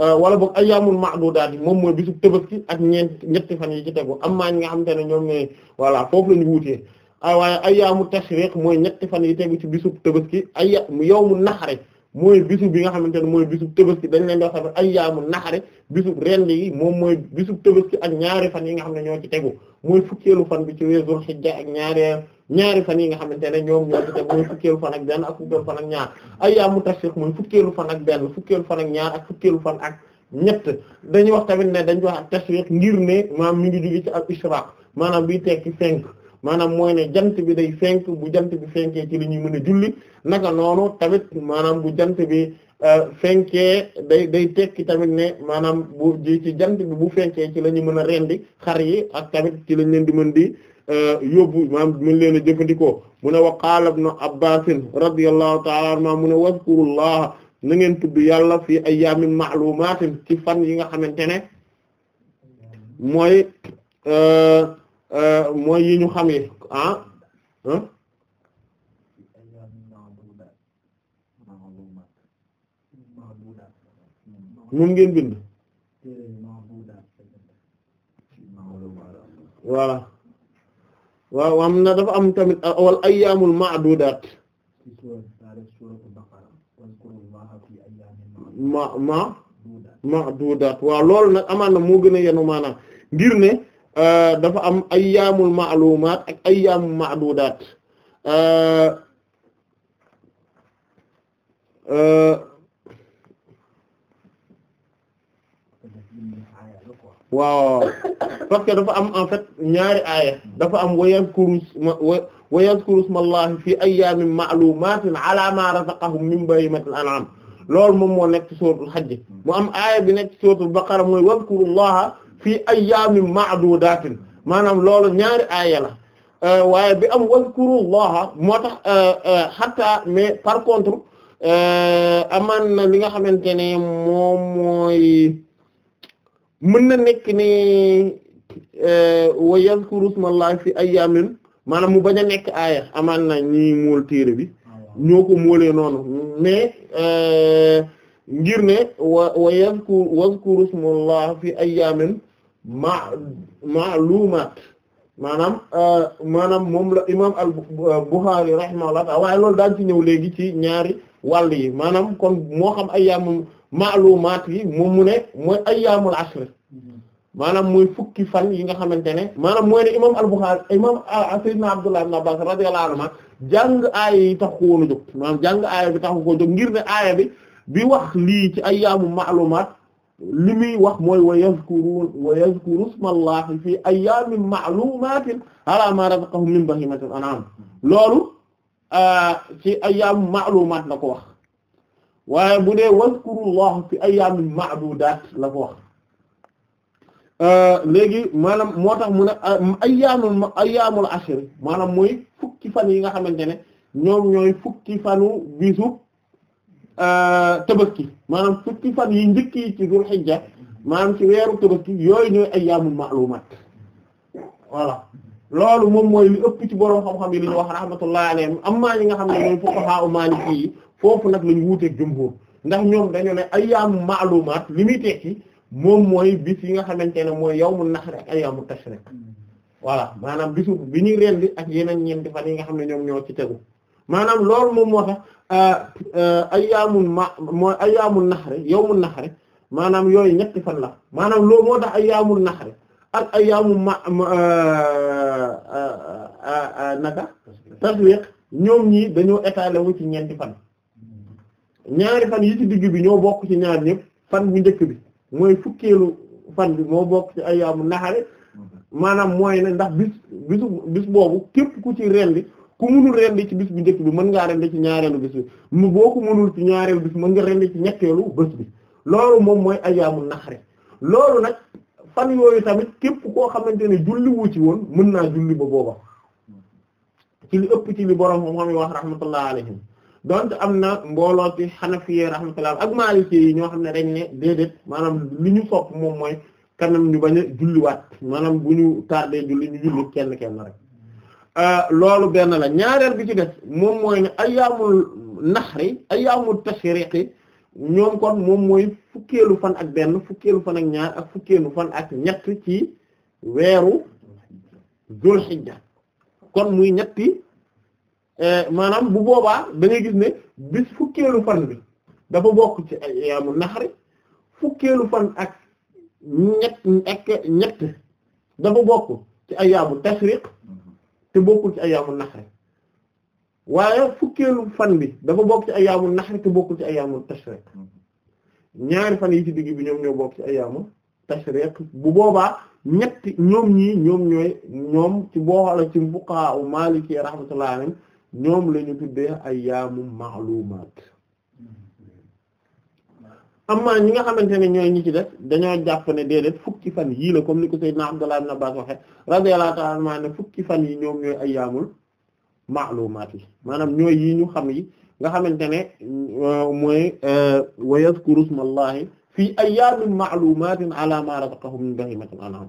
euh, wala boog ayyaamul ma'dudaat yi moom mooy bisu ki ak ñeent ñetti fan yi ci tegu am maa ñi nga xamante ne ñoom ñooy voilà foofu la ñu wutee ah, waaye ayyaamu tashriq mooy ñetti fan yi tegu ci bisu Tabaski ay yawmu naxar mooy bisu bi nga xamante ne mooy bisu tabaski dañ leen doo xam ay yaamu naxare bisu rend yi moom mooy bisu tabaski ak ñaari fan yi nga xam ne ñoo ci tegu mooy fukkeelu fan bi ci weeru xijja ak ñaareel ñaari fan yi nga xamante ne ñoom ñoo ci tegu mooy fukkeelu fan ak benn ak fukkeelu fan ak ñaar ay yaamu tashriq mooy fukkeelu fan ak benn fukkeelu fan ak ñaar ak fukkeelu fan ak ñett dañuy wax tamit ne dañ wax tashriq ngir ne maam mi ngi jóge ci al ishraq maanaam biy tekki cinq maanaam mooy ne jant bi day fenk bu jant bi fenkee ci li ñuy mën a julli naka noonu tamit maanaam bu jant bi euh, fenkee day day tekki tamit ne maanaam bu ji ci jant bi bu fenkee ci la ñu mën a rendi xar yi ak tamit ci lañ leen di mën di euh, yóbbu maanaam mën leen a jëfandikoo mu ne wa qaala ibnu abbaasin radiyallahu ta'ala anhumaa mu ne wazkurullaha na ngeen tudd yàlla fii ayyaamin ma'luumaatin ci fan yi nga xamante ne mooy euh, Euh, mooy yi ñu xamee ah moom ngeen bind voilà waaw am na dafa am tamit wal ayyaamul ma'duudaat ma ma ma'duudaat waaw loolu nag amaan na moo gën a yenu maanaam ngir ne Euh, dafa am ayyaamul ma'lumaat ak ayyaamu ma'dudaat euh, euh, waaw parce que dafa am en fait ñaari aaya dafa am wa yadhkuru wa yadhkuru ismallahi fi ayyaamin ma'luumaatin ala ma razaqahum min bahiimatil an'aam loolu moom moo nekk ci suuratul Hajj mu am aaya bi nekk ci suuratul Baqara mooy wadhkurullaha fii ayyaamin ma'duudaatin maanaam loolu ñaari aaya la euh, waaye bi am wazkurullaha moo tax euh, euh, hatta mais par contre amaan na li nga xamante ne na nekk ne wa yazkuru smallahi fi ayyaamin maanaam mu bañ a nekk aaya amaan na ni mool téere bi ah. ñoo ko moolee noonu ngir ne wa wa yazkuru wazkuru smallahi fi ayyaamin ma maalumaat maanaam euh, maanaam moom la imaam al euh, Bukhari rahimahullah taala waaye loolu daan ci ñëw léegi ci ñaari wàll yi maanaam kon moo xam ayyaamul maalumaat yi moom mu ne mooy ayyaamul ashr maanaam mooy fukki fan yi nga xamante ne maanaam mooy ne imaam al Bukhari imaam euh, sayyidina Abdullah ibn Abbas radiyallahu jàng aaya yi taxu ko woon a jóg maanaam jàng aaya bi taxu koo ngir ne aaya bi bi wax lii ci ayyaamu maalumaat li wax mooy wa yazkurun wa yazkuru smallahi fi ayyamin ma'lumatin ala ma razaqahum min bahimatil an'am loolu ci ayyam ma'lumat la ko wax waaye bu dee wazkurullah fi ayyamin ma'dudat la ko wax léegi maanaam moo tax mu ne ayyaamul ayyaamul ashr maanaam mooy fukki fan yi nga xamante ne ñoom ñooy fukki fanu bisub Euh, tabaski maanaam fukki fan yi njëkk yi ci dul xijja maanaam ci weeru tabaski yooyu ñooy ayyaamul ma'lumaat voilà loolu moom mooy li ëpp ci boroom xam-xam yi li ñu wax rahmatullahi alayhim amma ñi nga xam ne mooy fuqaha u maliki yi foofu nag lañu wuuteeg jumhur ndax ñoom dañu ne ayyaamu ma'lumaat li muy tekki moom mooy bis yi nga xamante ne mooy yawmun nahr ak ayyaamu tashriq voilà maanaam bisu bi ñuy rendi ak yeneen ñeenti fan yi nga xam ne ñoom ñoo ci tegu maanaam loolu moom moo tax euh, euh, ayyaamun ma mooy yow naxari yawmun naxari maanaam yooyu ñetti fan la maanaam loolu moo tax ayyaamun naxari ak ayyaamu ma euh, naka taswiq ñoom ñii dañoo étalé wu ci ñeenti fan ñaari fan yi ci digg bi ñoo bokk ci ñaar ñëpp fan bu njëkk bi mooy fukkeelu fan bi moo bokk ci ayyaamu naxari maanaam mooy ne ndax bis bisu bis boobu képp ku ci rendi ku munul rendi ci bis bu njëkk bi mën ngaa rendi ci ñaareelu bis bi mu boo ko munul ci ñaareelu bis mën nga rendi ci ñetteelu bés bi loolu moom mooy ayaamu naxari loolu nag fan yooyu tamit képp koo xamante ne julli wu ci woon mën naa julli ba booba ci li ëpp ci li borom moom yi wax rahmatullah am na mbooloo ci xanafiye ak maliki yi ñoo xam ne dañ ne déedéet maanaam li ñu sopp moom mooy kanam ñu bañ a julliwaat maanaam bu ñu tardé julli ñu julli kenn kenn rek. Euh, loolu benn la ñaareel bi ci def moom mooy ne ayyaamul nahri ayyaamul tashriqi ñoom kon moom mooy fukkeelu fan ak benn fukkeelu fan ak ñaar ak fukkeelu fan ak ñett ci weeru zul muy ñetti euh, maanaam bu boobaa da ngay bis fukkeelu fan bi dafa bokk ci ayyaamul nahri fukkeelu fan ak ñett ak dafa bokk ci ayyaamu tashriq te bokkul ci ayyaamul naxr waaye fukkeelu fan bi dafa bokk ci ayyaamul naxr te bokkul ci ayyaamul tashriq ñaari fan yi ci digg bi ñoom ñoo bokk ci ay ayyaamul tashriq bu boobaa ñetti ñoom ñii ñoom ñoom ci booxala ci fuqahaa u Maaliki rahmatullahi alayhim ñoom la ñu tuddee ayyaamu ma'luumaat amma ñi nga xamante ne ñooy ñi ci def dañoo jàpp ne déedéet fukki fan yii la comme ni ko Seydina Abdullah ibn Abbas waxe radiyallahu ta'ala maa ne fukki fan yi ñoom ñooy ayyaamul ma'lumaat yi maanaam ñooy yi ñu xam yi nga xamante ne euh, mooy euh, wa yazkuru smallahi fii ayyaamin ma'luumaatin ala ma razaqahum min bahiimatil an'aam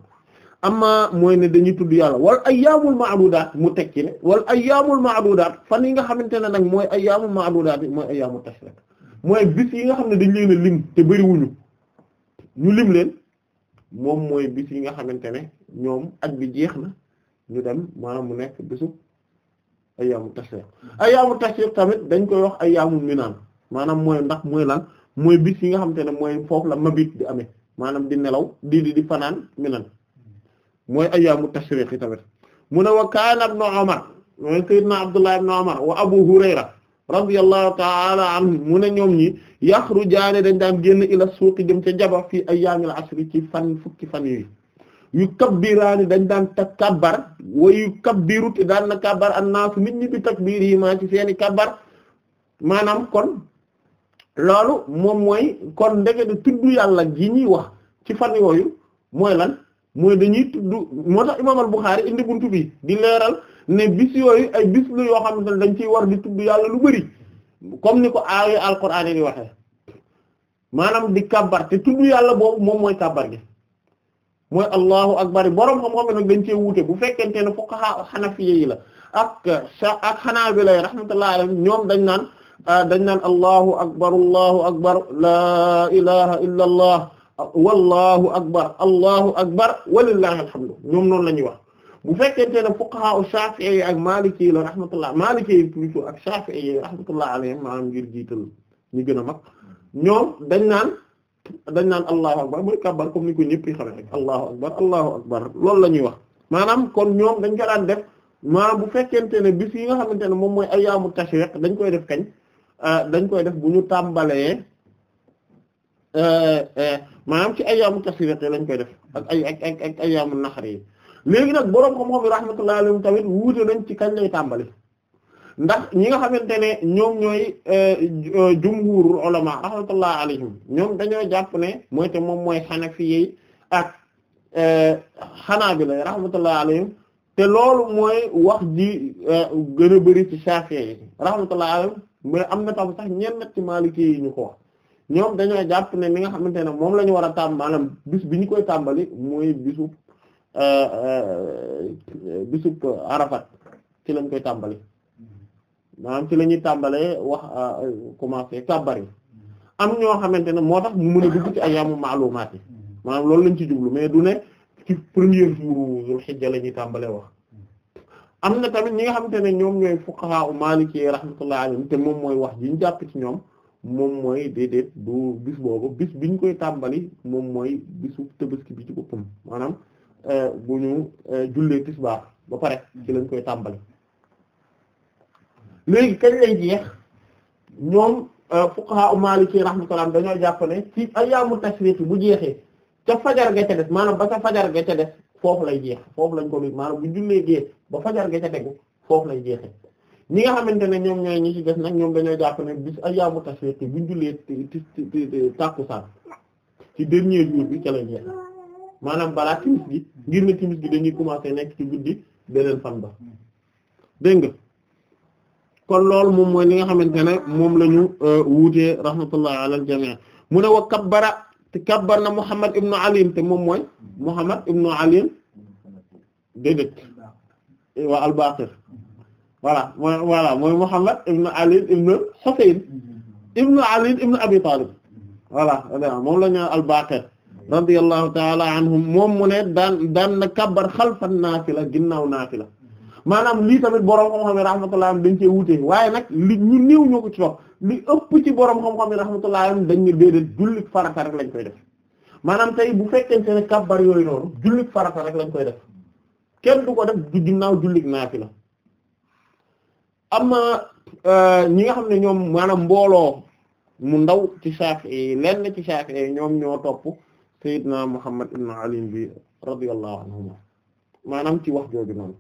amma mooy ne dañuy tudd yàlla wal ayyaamul ma'duudaat mu tekki ne wal ayyaamul ma'duudaat fan yi nga xamante ne nag mooy ayyaamul ma'duudaat yi mooy ayyaamu tashriik mooy bis yi nga xam ne dañ leen a lim te bariwuñu ñu lim leen moom mooy bis yi nga xamante ne ñoom at bi jeex na ñu dem maanaam mu nekk bisu ayyaamu tashriq ayyaamu tashriq tamit dañ koy wax ayyaamul minaan maanaam mooy ndax mooy lan mooy bis yi nga xamante ne mooy foofu la mabit di amee maanaam di nelaw di di di fanaan minaan mooy ayyaamu tashriq yi tamit mu ne wa kaana ibnu Umar mooy sayyidna wa Abu Hurayra radiyallahu ta'ala anhu mu ne ñoom ñi yaxrujaane dañ daan génn ila suuqi jëm ca jaba fii ayyaamil asri ci fan fukki fan yooyu yu kabbiraani dañ daan ta kabbar wa yu kabbiru te daan na kabbar annaasu nit ñi bi takbiir yi maa ci seeni kabbar maanaam kon loolu moom mooy kon ndege de tudd yàlla gi ñuy wax ci fan yooyu mooy lan mooy dañuy tudd moo tax imaam al Buxaari indi buntu bi di leeral ne bis yooyu ay bis la yoo xamante ne dañ ciy war di tudd yàlla lu bari comme ni ko ay alquran yi di waxee maanaam di kàbbar te tudd yàlla boobu moom mooy kàbbar gi mooy allahu akbar borom xam-xam ne nag dañ cee wuute bu fekkente ne fuqaha xanafiya yi la ak ak xanaabila yi rahmatullahi dañ naan ah, dañ naan allahu akbar allahu akbar laa ilaha illa allah wallahu akbar allahu akbar walillahi alhamdu ñoom noonu la ñuy wax bu fekkente ne fuqaha Shafi'i yi ak Maliki yi la rahmatullah Maliki yi plutôt ak Shafi'i yi rahmatullah alayhim maanaam ngir jiital ñu gën a mag ñoom dañ naan dañ naan allahu akbar mooy kabbar comme ni ko ñëpp yi xamee rek loolu la ñuy wax maanaam kon ñoom dañ ko daan def maanaam bu fekkente ne bis yi nga xamante ne moom mooy ayyaamu tashriq dañ koy def kañ euh, dañ koy def bu ñu tàmbalee euh, euh, maanaam ci ayyaamu tashriq yi lañ koy def ak ay ak ak ak ayyaamu yi léegi nag boroom xam-xam yi rahmatullahi alayhim tamit wuute nañ ci kañ lay tàmbali ndax ñi nga xamante ne ñoom ñooy euh, euh, jumhur ulama rahmatullahi alayhim ñoom dañoo jàpp ne mooy te moom mooy xanafi yi ak xanaabila euh, rahmatullahi alayhim te loolu mooy wax ji gën a ci Shafi'i yi rahmatullahi mais am na tam sax ñenn ci Maliki yi ñu ko wax ñoom dañoo jàpp ne mi nga xamante ne moom la ñu war a tàmbali bis bi ñu koy tàmbali mooy bisu Euh, euh, euh, bisub Arafat ci lañ koy tàmbali maanaam ci la ñuy tàmbalee wax commencé kàbbari am ñoo xamante ne moo tax mu mën a dugg ci ayaamu maalumaat yi maanaam loolu lañ ci jublu mais du ne ci premier jour Zul Hijja la tàmbalee wax am na tamit ñi nga xamante ne ñoom ñooy fuqaha Maliki rahmatullahi alayhim te moom mooy wax ji ñu jàpp ci ñoom moom mooy déedéet bu bis boobu bis biñ koy tàmbali moom mooy bisu Tabaski bi ci boppam maanaam. Euh, bu ñu euh, jullee tisbaar ba pare ci lañ koy tàmbali léegi kañ lay jeex ñoom ko euh, maliki rahmatullah dañoo jàpp ne ci ayyamu tashriq bu jeexee ca fajar ga ca des maanaam ba ca fajar ga ca des foofu lay jeex foofu lañ ko lu maanaam bu jullee gee ba fajar ga ca tegu foofu lay jeexee ñi nga xamante ne ñoom ñooy ñi ci des nag ñoom dañoo jàpp ne bis ayyamu tashriq buñ jullee ti ti takkusaan ci dernier jour bi ca lay jeex maanaam balaa timis gi ngir ne timis gi dañuy commencer nekk ci guddi beneen fan ba dégg nga kon loolu moom mooy li nga xamante ne moom la ñu euh, wuutee rahmatullahi ala mu ne wa kabbara te kabbar na Muhammad ibnu Ali te moom mooy Muhammad ibnu Ali déedéet waa al-Baqir voilà mooy voilà mooy Muhammad ibnu Ali ibnu Husayn ibnu Abi Talib voilà moom la ñu al-Baqir radiyallahu taala anhum moom mu ne daan daan na kabbar xalfan naafila ginnaaw naafila maanaam lii tamit boroom xam-xam yi rahmatullah dañ cee wutee waaye nag li ñu néew ñoo ko ci wax li ëpp ci boroom xam-xam yi rahmatullah dañ ne déedéet jullit farata rek lañ koy def maanaam tey bu fekkente ne kabbar yooy noonu jullit farata rek lañ koy def kenn du ko def du ginnaaw jullit naafila am na euh, ñi nga xam ne ñoom maanaam mbooloo mu ndaw ci Shafi'i lenn ci saak ñoom ñoo topp. Seydina Muhammad ibn Ali bi radiyallahu anhuma maanaam ci wax jooju noonu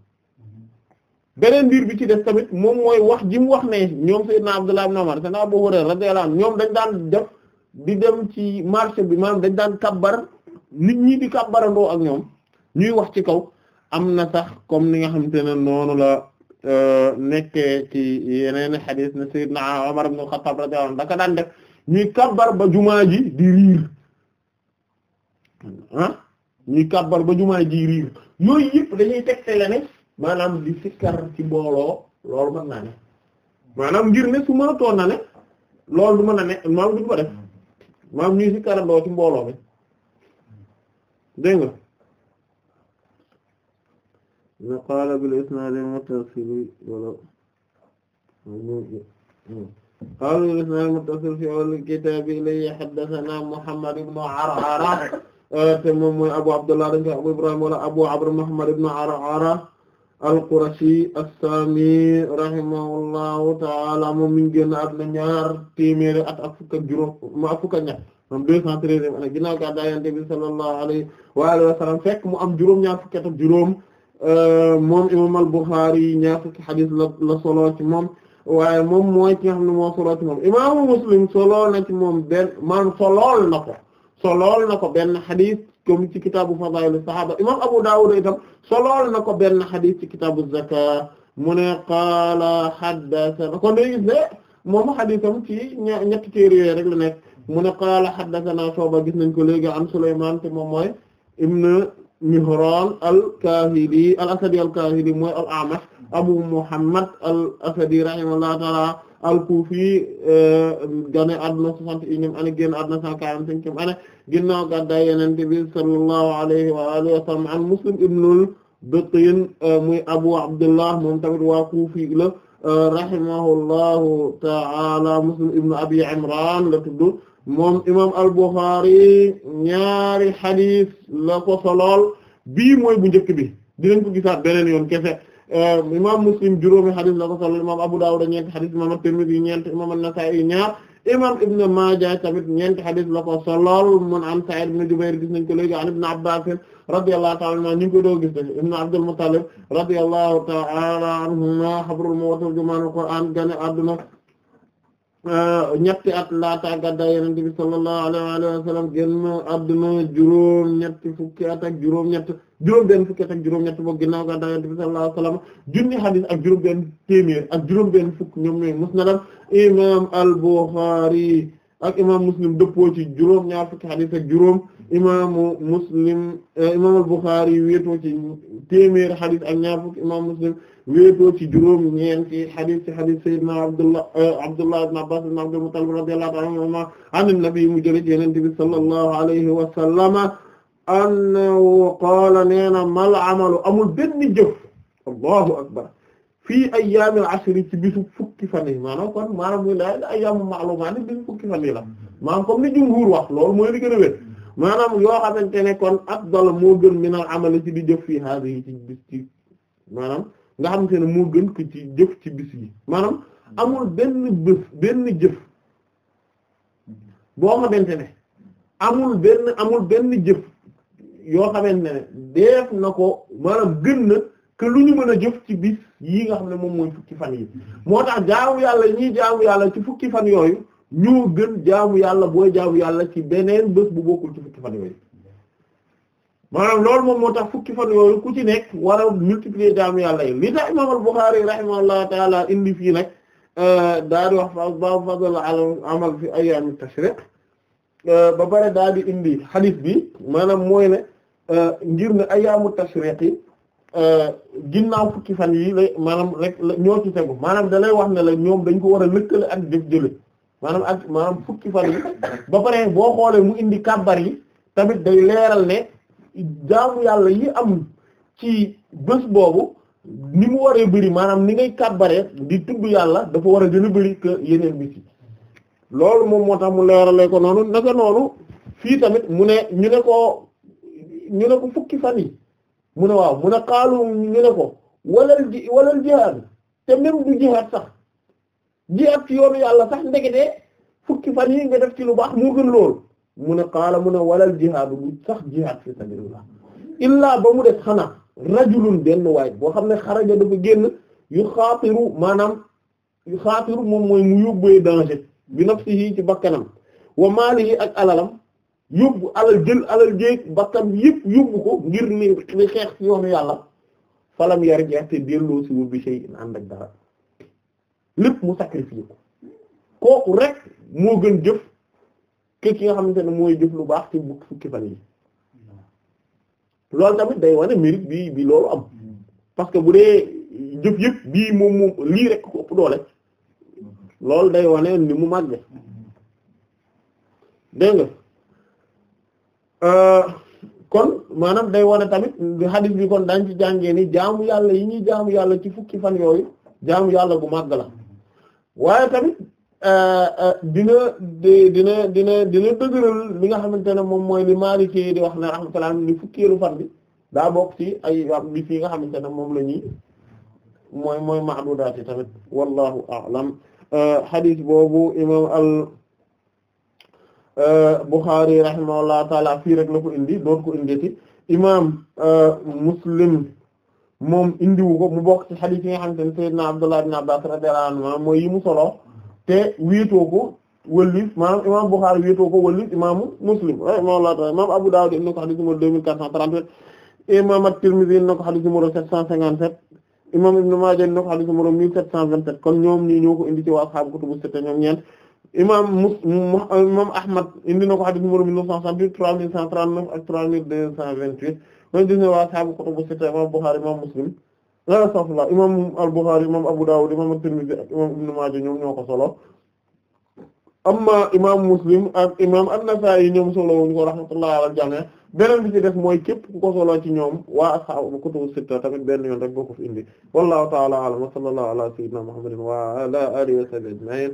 beneen mbir bi ci def tamit moom mooy wax ji wax ne ñoom Seydina Abdullah ibn Umar Seydina Abu Hurayra radiyallahu anhu ñoom dañ daan def di dem ci marché bi maam dañ daan kabbar nit ñi di kabbarandoo ak ñoom ñuy wax ci kaw am na sax comme ni nga xamante ne noonu la euh, nekkee ci yeneen xadiis ne Seydina Umar ibn Khattab radiyallahu anhu daka daan def ñuy kabbar ba jumaa di riir ah ñuy kàbbar ba jumaay ji riir yooyu yëpp dañuy tegtale ne maanaam di sikkar ci mbooloo loolu mën naa ne maanaam ngir ne su mënatoon na ne loolu du mën a ne maanaam du ko def maanaam ñuy sikkarandoo ci mbooloo bi dégg nga na qaala bil isnaad al muttasil wala qaala bil isnaad al Muhammad ibn Euh, te moom mooy abu abdullah dañ koy abu ibrahim wala abu abd muhammad ibn arara al-qurashi as-sami rahimahullahu ta'ala moom mi ngi génn àdduna ñaar téeméeri at ak fukk ak juróom ma fukk ak ñett moom deux cent treizième année ginnaaw gàddaay Yonent bi sallallahu alayhi wa alihi wa sallam fekk mu am juróom ñaar fukki at ak juróom euh, moom imam al-Bukhari ñaar fukki xadis la la solo ci moom waaye moom mooy ki nga xam ne moo solo ci moom imaamu Muslim solo na ci moom benn man solool na ko solool na ko benn xadis comme ci kitaabu fadaa'ilu sahaaba imam Abu Daawud itam solool na ko benn xadis ci kitaabu zakaat mu ne qaala haddathana kon léegi ne moom xadisam ci ñetti téere yooyu rek la nekk mu ne qaala a Shu'ba gis nañ ko léegi an Sulaymaan te moom mooy Mihran al-Kahili al-Asadi al-Kahili mooy al-A'mash Abu Muhammad al-Asadi rahimahullahu ta'ala al-Kufi euh, gane àdduna 61 ane génn àdduna 145 ane ginnaaw gàddaay Yonent bi sallallahu alayhi wa alihi wa sallam an Muslim ibnul Baqiin euh, muy Abu Abdullah moom tamit waa Kufi la euh, rahimahullahu ta'ala Muslim ibn Abi Imran la tudd moom imam al-Bukhari ñaari xadis la ko solool bii mooy bu njëkk bi dinañ ko gisaat beneen yoon kese euh, imam Muslim juróomi xadis la ko solool imam Abu Dawud ñeenti xadis imam at-Tirmidhi ñeenti imam an-Nasa'i ñaar imam Ibn Maaja tamit ñeenti xadis la ko solool mun an Sa'id ibn Jubayr gis nañ ko léegi an Ibn Abbas radiyallahu ta'ala anhuma ñu ngi ko doo gis nañ Ibn Abdul Muttalib radiyallahu ta'ala anhuma habrul muwat wa turjumanul Qur'an gane adduna Euh, ñetti at laata gàddaay Yonent bi sallallahu alayhi wa sallam génn àdduna juróom ñetti fukki at ak juróom ñett juróom benn fukki at ak juróom ñett boog ginnaaw gàddaay Yonent bi sallallahu alayhi junni hadith ak juróom benn téeméer ak juróom benn fukk ñoom ñooy musnad imam al-Bukhari ak imam muslim dëppoo ci juróom ñaar fukki xadis ak juróom imaamu muslim eh, imam al-Bukhari wéetoo ci téeméeri xadis ak ñaar fukki imam muslim wéetoo ci juróom ñeenti xadis ci xadis sayyidina Abdullah eh, Abdullah ibn Abbas ibn Abdul Muttalib radiyallahu anhuma an an-nabi mu jële ci yonent bi sallallahu alayhi wa sallama annahu qaala nee na mal amalu amul benn jëf allahu akbar fii ayyaamil ashri ci bisu fukki fan yi maanaam kon maanaam muy la ayyaamu ma'lumaat bisu fukki fan yi la maanaam kom ni jumhuur wax loolu mooy li gën a wér maanaam yoo xamante ne kon afdal moo gën minal amali ci di jëf fii haadi yi ci bis ci maanaam nga xamante ne moo gën ko ci jëf ci bis yi maanaam amul benn benn jëf boo xamante ne amul benn amul benn jëf yoo xamante ne def na ko maanaam gën na kë lu ñu mën a jëf ci bis yii nga xam ne moom mooy fukki fan yi moo tax jaamu yàlla ñii jaamu yàlla ci fukki fan yooyu ñu gën jaamu yàlla booy jaamu yàlla ci beneen bés bu bokkul ci fukki fan yooyu maanaam loolu moom moo tax fukki fan yooyu ku ci nekk war a multiplier jaamu yàlla yi li tax imaam al-Bukhari rahimahullahu ta'ala indi fii nag euh, daa di wax fa ba fadl al amal fi ayyam tashriq euh, di indi hadith bi maanaam mooy ne euh, ngir ne ayyamu tashriq yi Euh, ginnaaw fukki fan yi lay maanaam rek ñoo ci tegu maanaam dalay wax ne la ñoom dañ ko war a lëkkale ak jëf jële maanaam ak maanaam fukki fan yi ba pare boo xoolee mu indi kàbbar yi tamit day leeral ne jaamu yàlla yi am ci bës boobu ni mu waree bëri maanaam ni ngay kàbbaree di tudd yàlla dafa war a gën a bëri que yeneen bi ci loolu moom moo tax mu leeralee ko noonu naka noonu fii tamit mu ne ñu ne ko ñu ne ko fukki fan yi mu ne waaw mu ne xaalu ñu ne ko walal ji walal jihaad te même du jihaad sax jihaad ci yoonu yàlla sax ndekete fukki fan yi nga def ci lu baax moo lool mu ne xaala mu ne walal jihaad du sax jihaad fi sabilillah illaa ba mu def xanaa rajulun benn waay boo xam ne xaraja dafa génn yu xaatiru maanaam yu xaatiru moom mooy mu yóbbee danger bi nafsihi ci bakkanam wa maalihi ak alalam yóbbu alal jël alal jéeg bakkan yëpp yóbbu ko ngir ni ni xeex ci yoonu yàlla falam yar jeex te delloo si wul bi sey in ànd ak dara lépp mu sacrifice ko kooku rek moo gën jëf ke ki nga xamante ne mooy jëf lu baax ci bukki fukki fan yi loolu tamit day wane mérite bi bi loolu am parce que bu dee jëf yëpp bii moom moom lii rek ko ëpp doole loolu day wane ni mu màgge dégg Euh, kon maanaam day wane tamit hadith bi kon dañ ci jàngee ni jaamu yàlla yi ñuy jaamu yàlla ci fukki fan yooyu jaamu yàlla bu màgg la waaye tamit euh, euh, dina dina dina dina dëgëral li nga xamante ne moom mooy li Maliki di wax ne rahmatullah ni fukkeelu fan bi daa bokk ci ay bi fii nga xamante ne moom la ñuy mooy mooy mahdudaat yi tamit wallahu a'lam hadith boobu imam Euh, Bukhari rahimahullahu taala fii rek la ko indi doon ko indi ci imaam euh, Muslim moom indiwu ko mu bokk ci xadiis yi nga xamante ne Seydina Abdullah ibn Abbas radiyallahu anhu mooy yi solo te wéetoo ko wëlif imaam Bukhari wéetoo ko wëlif imaamu Muslim imaam Abu Dawud indi na ko xadiis numéro 2438 imaam At-Tirmidhi indi na ko xadiis numéro 757 imaam Ibn Maaja indi na ko xadiis numéro 1727 kon ñoom ñii ñoo ko indi ci waa ashaabu kutubu sitta ñoom ñeent imaam mu imaam Ahmad indi na ko xadis numéro mille neuf cent soixante-huit trois mille cent trente-neuf ak trois mille deux cent vingt-huit moom gis na waa ashaabu kutubu sitta imaam Bukhari imaam Muslim astaghfirullah imaam al-Bukhari imaam Abu Dawud imaam at-Tirmidhi ak imaam Ibn Maaja ñoom ñoo ko solo amma imaam Muslim ak imaam an-Nasa'i ñoom solo wuñ ko rahmatullahi ala al-jami' beneen bi ci def mooy képp ku ko solo ci ñoom waa ashaabu kutubu sitta tamit benn yoon rek boo ko fi indi wallahu ta'ala a'lam wa sallallahu ala sayyidina Muhammadin wa ala alihi wa sahbihi ajma'in